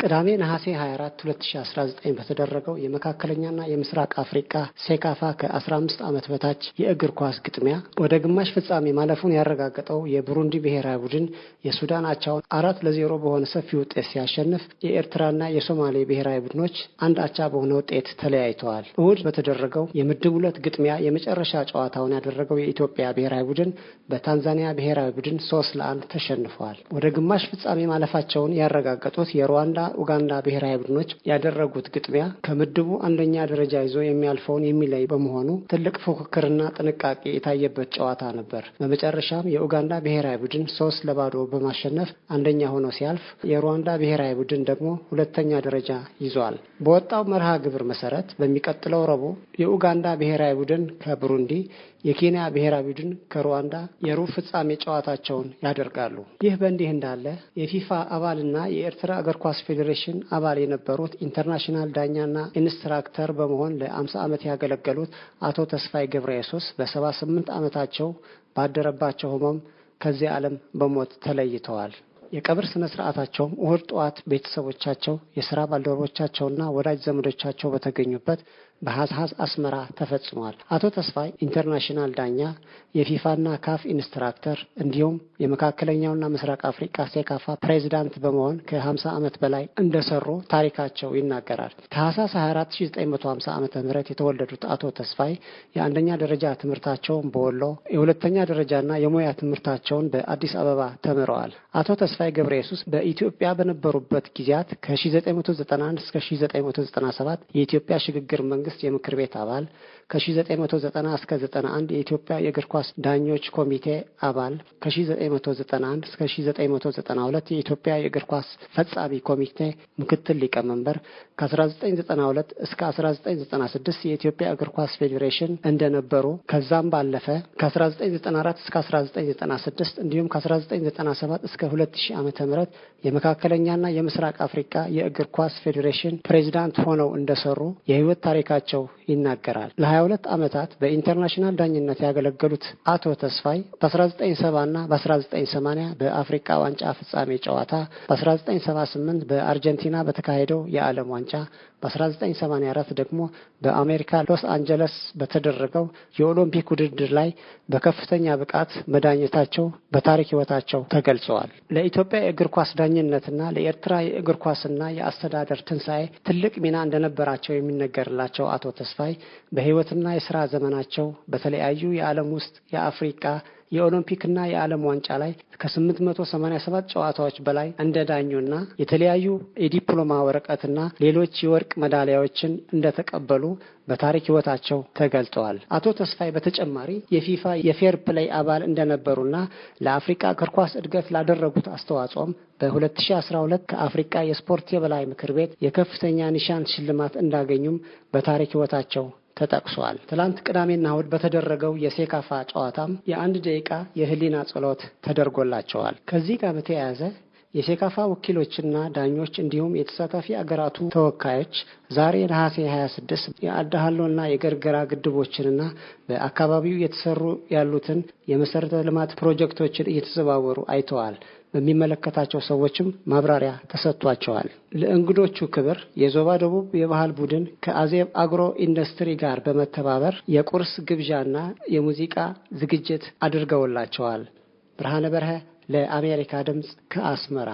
ቅዳሜ ነሐሴ 24 2019 በተደረገው የመካከለኛና የምስራቅ አፍሪቃ ሴካፋ ከ15 ዓመት በታች የእግር ኳስ ግጥሚያ ወደ ግማሽ ፍጻሜ ማለፉን ያረጋገጠው የቡሩንዲ ብሔራዊ ቡድን የሱዳን አቻውን አራት ለዜሮ በሆነ ሰፊ ውጤት ሲያሸንፍ የኤርትራና የሶማሌ ብሔራዊ ቡድኖች አንድ አቻ በሆነ ውጤት ተለያይተዋል። እሁድ በተደረገው የምድብ ሁለት ግጥሚያ የመጨረሻ ጨዋታውን ያደረገው የኢትዮጵያ ብሔራዊ ቡድን በታንዛኒያ ብሔራዊ ቡድን ሶስት ለአንድ ተሸንፈዋል። ወደ ግማሽ ፍጻሜ ማለፋቸውን ያረጋገጡት የሩዋንዳ ኡጋንዳ ብሔራዊ ቡድኖች ያደረጉት ግጥሚያ ከምድቡ አንደኛ ደረጃ ይዞ የሚያልፈውን የሚለይ በመሆኑ ትልቅ ፉክክርና ጥንቃቄ የታየበት ጨዋታ ነበር። በመጨረሻም የኡጋንዳ ብሔራዊ ቡድን ሶስት ለባዶ በማሸነፍ አንደኛ ሆኖ ሲያልፍ የሩዋንዳ ብሔራዊ ቡድን ደግሞ ሁለተኛ ደረጃ ይዟል። በወጣው መርሃ ግብር መሰረት በሚቀጥለው ረቡዕ የኡጋንዳ ብሔራዊ ቡድን ከቡሩንዲ የኬንያ ብሔራዊ ቡድን ከሩዋንዳ የሩብ ፍጻሜ ጨዋታቸውን ያደርጋሉ። ይህ በእንዲህ እንዳለ የፊፋ አባልና የኤርትራ እግር ኳስ ፌዴሬሽን አባል የነበሩት ኢንተርናሽናል ዳኛና ኢንስትራክተር በመሆን ለ50 ዓመት ያገለገሉት አቶ ተስፋይ ገብረ የሱስ በ ስምንት ዓመታቸው ባደረባቸው ህመም ከዚህ ዓለም በሞት ተለይተዋል። የቀብር ስነ ስርዓታቸውም እሁድ ጠዋት ቤተሰቦቻቸው፣ የስራ ባልደረቦቻቸውና ወዳጅ ዘመዶቻቸው በተገኙበት በሀሳስ አስመራ ተፈጽሟል። አቶ ተስፋይ ኢንተርናሽናል ዳኛ፣ የፊፋና ካፍ ኢንስትራክተር እንዲሁም የመካከለኛውና ምስራቅ አፍሪቃ ሴካፋ ፕሬዚዳንት በመሆን ከ50 ዓመት በላይ እንደሰሩ ታሪካቸው ይናገራል። ታህሳስ 24950 ዓ ም የተወለዱት አቶ ተስፋይ የአንደኛ ደረጃ ትምህርታቸውን በወሎ የሁለተኛ ደረጃና የሙያ ትምህርታቸውን በአዲስ አበባ ተምረዋል። አቶ ተስፋይ ገብረ የሱስ በኢትዮጵያ በነበሩበት ጊዜያት ከ1991 እስከ 1997 የኢትዮጵያ ሽግግር መንግስት መንግስት የምክር ቤት አባል ከ1990 እስከ 91 የኢትዮጵያ የእግር ኳስ ዳኞች ኮሚቴ አባል ከ1991 እስከ 1992 የኢትዮጵያ የእግር ኳስ ፈጻሚ ኮሚቴ ምክትል ሊቀመንበር ከ1992 እስከ 1996 የኢትዮጵያ እግር ኳስ ፌዴሬሽን እንደነበሩ ከዛም ባለፈ ከ1994 እስከ 1996 እንዲሁም ከ1997 እስከ 2000 ዓ.ም የመካከለኛና የምስራቅ አፍሪካ የእግር ኳስ ፌዴሬሽን ፕሬዚዳንት ሆነው እንደሰሩ የህይወት ታሪካቸው ይናገራል። ለ22 ዓመታት በኢንተርናሽናል ዳኝነት ያገለገሉት አቶ ተስፋይ በ1970ና በ1980 በአፍሪካ ዋንጫ ፍጻሜ ጨዋታ በ1978 በአርጀንቲና በተካሄደው የዓለም ዋንጫ ምርጫ በ1984 ደግሞ በአሜሪካ ሎስ አንጀለስ በተደረገው የኦሎምፒክ ውድድር ላይ በከፍተኛ ብቃት መዳኘታቸው በታሪክ ሕይወታቸው ተገልጸዋል። ለኢትዮጵያ የእግር ኳስ ዳኝነትና ለኤርትራ የእግር ኳስና የአስተዳደር ትንሣኤ ትልቅ ሚና እንደነበራቸው የሚነገርላቸው አቶ ተስፋይ በሕይወትና የሥራ ዘመናቸው በተለያዩ የዓለም ውስጥ የአፍሪቃ የኦሎምፒክና የዓለም ዋንጫ ላይ ከ887 ጨዋታዎች በላይ እንደዳኙና የተለያዩ የዲፕሎማ ወረቀትና ሌሎች የወርቅ መዳሊያዎችን እንደተቀበሉ በታሪክ ህይወታቸው ተገልጠዋል። አቶ ተስፋይ በተጨማሪ የፊፋ የፌር ፕላይ አባል እንደነበሩና ለአፍሪቃ እግር ኳስ እድገት ላደረጉት አስተዋጽኦም በ2012 ከአፍሪቃ የስፖርት የበላይ ምክር ቤት የከፍተኛ ኒሻን ሽልማት እንዳገኙም በታሪክ ህይወታቸው። ተጠቅሷል። ትላንት ቅዳሜና እሁድ በተደረገው የሴካፋ ጨዋታም የአንድ ደቂቃ የህሊና ጸሎት ተደርጎላቸዋል። ከዚህ ጋር በተያያዘ የሴካፋ ወኪሎችና ዳኞች እንዲሁም የተሳታፊ አገራቱ ተወካዮች ዛሬ ነሐሴ 26 የአዳሃሎና የገርገራ ግድቦችንና በአካባቢው የተሰሩ ያሉትን የመሰረተ ልማት ፕሮጀክቶችን እየተዘዋወሩ አይተዋል። በሚመለከታቸው ሰዎችም ማብራሪያ ተሰጥቷቸዋል። ለእንግዶቹ ክብር የዞባ ደቡብ የባህል ቡድን ከአዜብ አግሮ ኢንዱስትሪ ጋር በመተባበር የቁርስ ግብዣና የሙዚቃ ዝግጅት አድርገውላቸዋል። ብርሃነ በርሀ ለአሜሪካ ድምፅ ከአስመራ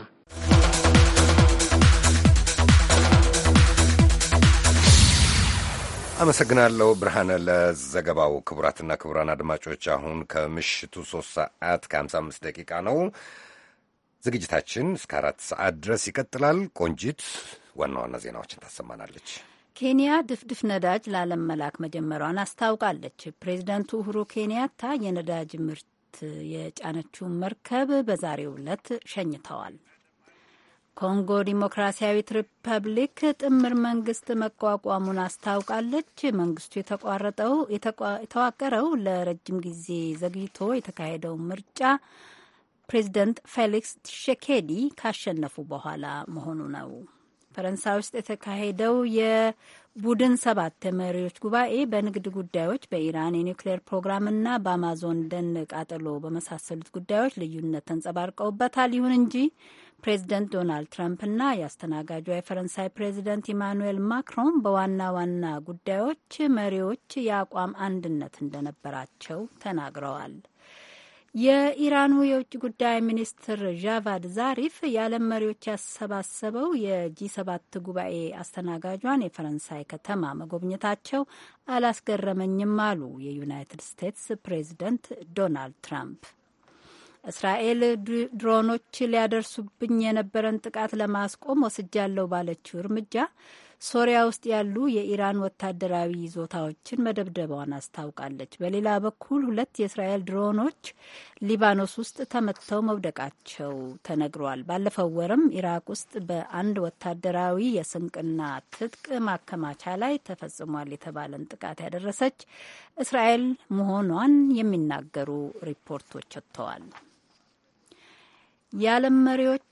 አመሰግናለሁ ብርሃነ ለዘገባው። ክቡራትና ክቡራን አድማጮች አሁን ከምሽቱ 3 ሰዓት ከ55 ደቂቃ ነው። ዝግጅታችን እስከ አራት ሰዓት ድረስ ይቀጥላል። ቆንጂት ዋና ዋና ዜናዎችን ታሰማናለች። ኬንያ ድፍድፍ ነዳጅ ለዓለም መላክ መጀመሯን አስታውቃለች። ፕሬዚዳንቱ ኡሁሩ ኬንያታ የነዳጅ ምርት የጫነችውን መርከብ በዛሬው ዕለት ሸኝተዋል። ኮንጎ ዲሞክራሲያዊት ሪፐብሊክ ጥምር መንግስት መቋቋሙን አስታውቃለች። መንግስቱ የተቋረጠው የተዋቀረው ለረጅም ጊዜ ዘግይቶ የተካሄደው ምርጫ ፕሬዚደንት ፌሊክስ ትሸኬዲ ካሸነፉ በኋላ መሆኑ ነው። ፈረንሳይ ውስጥ የተካሄደው የቡድን ሰባት የመሪዎች ጉባኤ በንግድ ጉዳዮች፣ በኢራን የኒውክሌር ፕሮግራምና በአማዞን ደን ቃጠሎ በመሳሰሉት ጉዳዮች ልዩነት ተንጸባርቀውበታል። ይሁን እንጂ ፕሬዚደንት ዶናልድ ትራምፕና የአስተናጋጇ የፈረንሳይ ፕሬዚደንት ኢማኑኤል ማክሮን በዋና ዋና ጉዳዮች መሪዎች የአቋም አንድነት እንደነበራቸው ተናግረዋል። የኢራኑ የውጭ ጉዳይ ሚኒስትር ዣቫድ ዛሪፍ የዓለም መሪዎች ያሰባሰበው የጂ ሰባት ጉባኤ አስተናጋጇን የፈረንሳይ ከተማ መጎብኘታቸው አላስገረመኝም አሉ የዩናይትድ ስቴትስ ፕሬዚደንት ዶናልድ ትራምፕ። እስራኤል ድሮኖች ሊያደርሱብኝ የነበረን ጥቃት ለማስቆም ወስጃለሁ ባለችው እርምጃ ሶሪያ ውስጥ ያሉ የኢራን ወታደራዊ ይዞታዎችን መደብደቧን አስታውቃለች። በሌላ በኩል ሁለት የእስራኤል ድሮኖች ሊባኖስ ውስጥ ተመትተው መውደቃቸው ተነግሯል። ባለፈው ወርም ኢራቅ ውስጥ በአንድ ወታደራዊ የስንቅና ትጥቅ ማከማቻ ላይ ተፈጽሟል የተባለን ጥቃት ያደረሰች እስራኤል መሆኗን የሚናገሩ ሪፖርቶች ወጥተዋል። የዓለም መሪዎች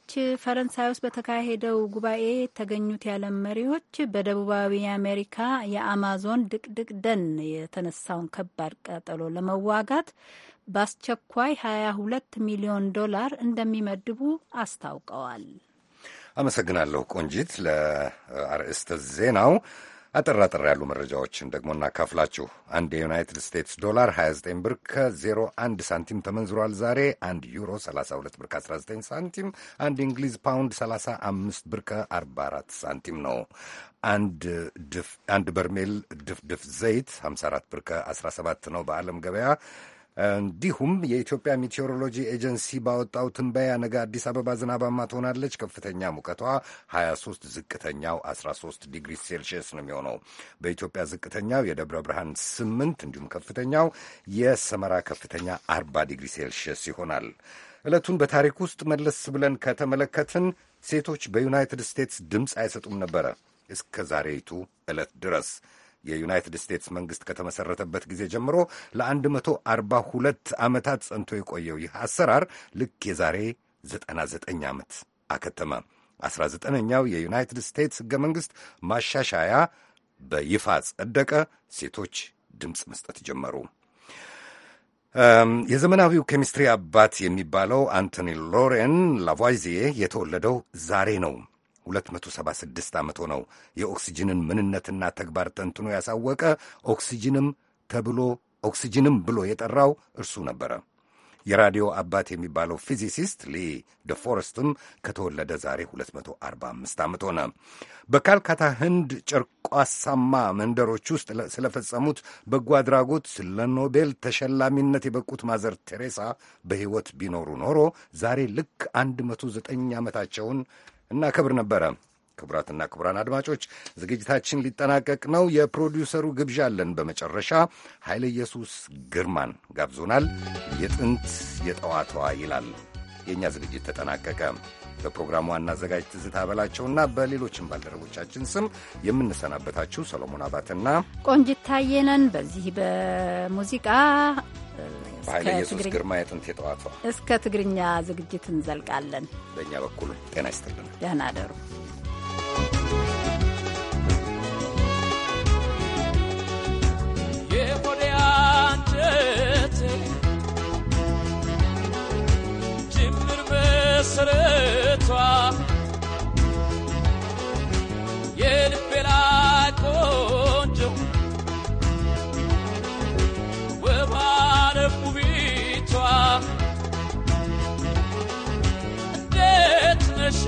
ፈረንሳይ ውስጥ በተካሄደው ጉባኤ የተገኙት የዓለም መሪዎች በደቡባዊ አሜሪካ የአማዞን ድቅድቅ ደን የተነሳውን ከባድ ቃጠሎ ለመዋጋት በአስቸኳይ 22 ሚሊዮን ዶላር እንደሚመድቡ አስታውቀዋል። አመሰግናለሁ ቆንጂት ለአርዕስተ ዜናው። አጠራጠር ያሉ መረጃዎችን ደግሞ እናካፍላችሁ። አንድ የዩናይትድ ስቴትስ ዶላር 29 ብር ከ01 ሳንቲም ተመንዝሯል። ዛሬ አንድ ዩሮ 32 ብር ከ19 ሳንቲም፣ አንድ እንግሊዝ ፓውንድ 35 ብር ከ44 ሳንቲም ነው። አንድ በርሜል ድፍድፍ ዘይት 54 ብር ከ17 ነው በዓለም ገበያ እንዲሁም የኢትዮጵያ ሜቴዎሮሎጂ ኤጀንሲ ባወጣው ትንበያ ነገ አዲስ አበባ ዝናባማ ትሆናለች። ከፍተኛ ሙቀቷ 23፣ ዝቅተኛው 13 ዲግሪ ሴልሺየስ ነው የሚሆነው። በኢትዮጵያ ዝቅተኛው የደብረ ብርሃን 8 እንዲሁም ከፍተኛው የሰመራ ከፍተኛ 40 ዲግሪ ሴልሺየስ ይሆናል። ዕለቱን በታሪክ ውስጥ መለስ ብለን ከተመለከትን ሴቶች በዩናይትድ ስቴትስ ድምፅ አይሰጡም ነበረ እስከ ዛሬይቱ ዕለት ድረስ የዩናይትድ ስቴትስ መንግስት ከተመሰረተበት ጊዜ ጀምሮ ለ142 ዓመታት ጸንቶ የቆየው ይህ አሰራር ልክ የዛሬ 99 ዓመት አከተመ። 19ኛው የዩናይትድ ስቴትስ ሕገ መንግሥት ማሻሻያ በይፋ ጸደቀ። ሴቶች ድምፅ መስጠት ጀመሩ። የዘመናዊው ኬሚስትሪ አባት የሚባለው አንቶኒ ሎሬን ላቫይዚዬ የተወለደው ዛሬ ነው። 276 ዓመት ሆነው የኦክሲጅንን ምንነትና ተግባር ተንትኖ ያሳወቀ ኦክሲጅንም ተብሎ ኦክሲጅንም ብሎ የጠራው እርሱ ነበረ። የራዲዮ አባት የሚባለው ፊዚሲስት ሊ ደፎረስትም ከተወለደ ዛሬ 245 ዓመት ሆነ። በካልካታ ህንድ ጨርቋሳማ መንደሮች ውስጥ ስለፈጸሙት በጎ አድራጎት ለኖቤል ተሸላሚነት የበቁት ማዘር ቴሬሳ በሕይወት ቢኖሩ ኖሮ ዛሬ ልክ 109 ዓመታቸውን እናከብር ነበረ። ክቡራትና ክቡራን አድማጮች ዝግጅታችን ሊጠናቀቅ ነው። የፕሮዲውሰሩ ግብዣ አለን። በመጨረሻ ኃይለ ኢየሱስ ግርማን ጋብዞናል። የጥንት የጠዋቷ ይላል። የእኛ ዝግጅት ተጠናቀቀ። በፕሮግራሙ ዋና አዘጋጅ ትዝታ በላቸውና በሌሎችም ባልደረቦቻችን ስም የምንሰናበታችሁ ሰሎሞን አባትና ቆንጂት ታየ በዚህ በሙዚቃ በኃይለ ኢየሱስ ግርማ የጥንት የጠዋቷ እስከ ትግርኛ ዝግጅት እንዘልቃለን። በእኛ በኩል ጤና ይስጥልን፣ ደህና አደሩ። Yeah, መሰረቷ የልቤ ላይ ቆንጆ ውባነ ውቢቷ እንዴት ነሽ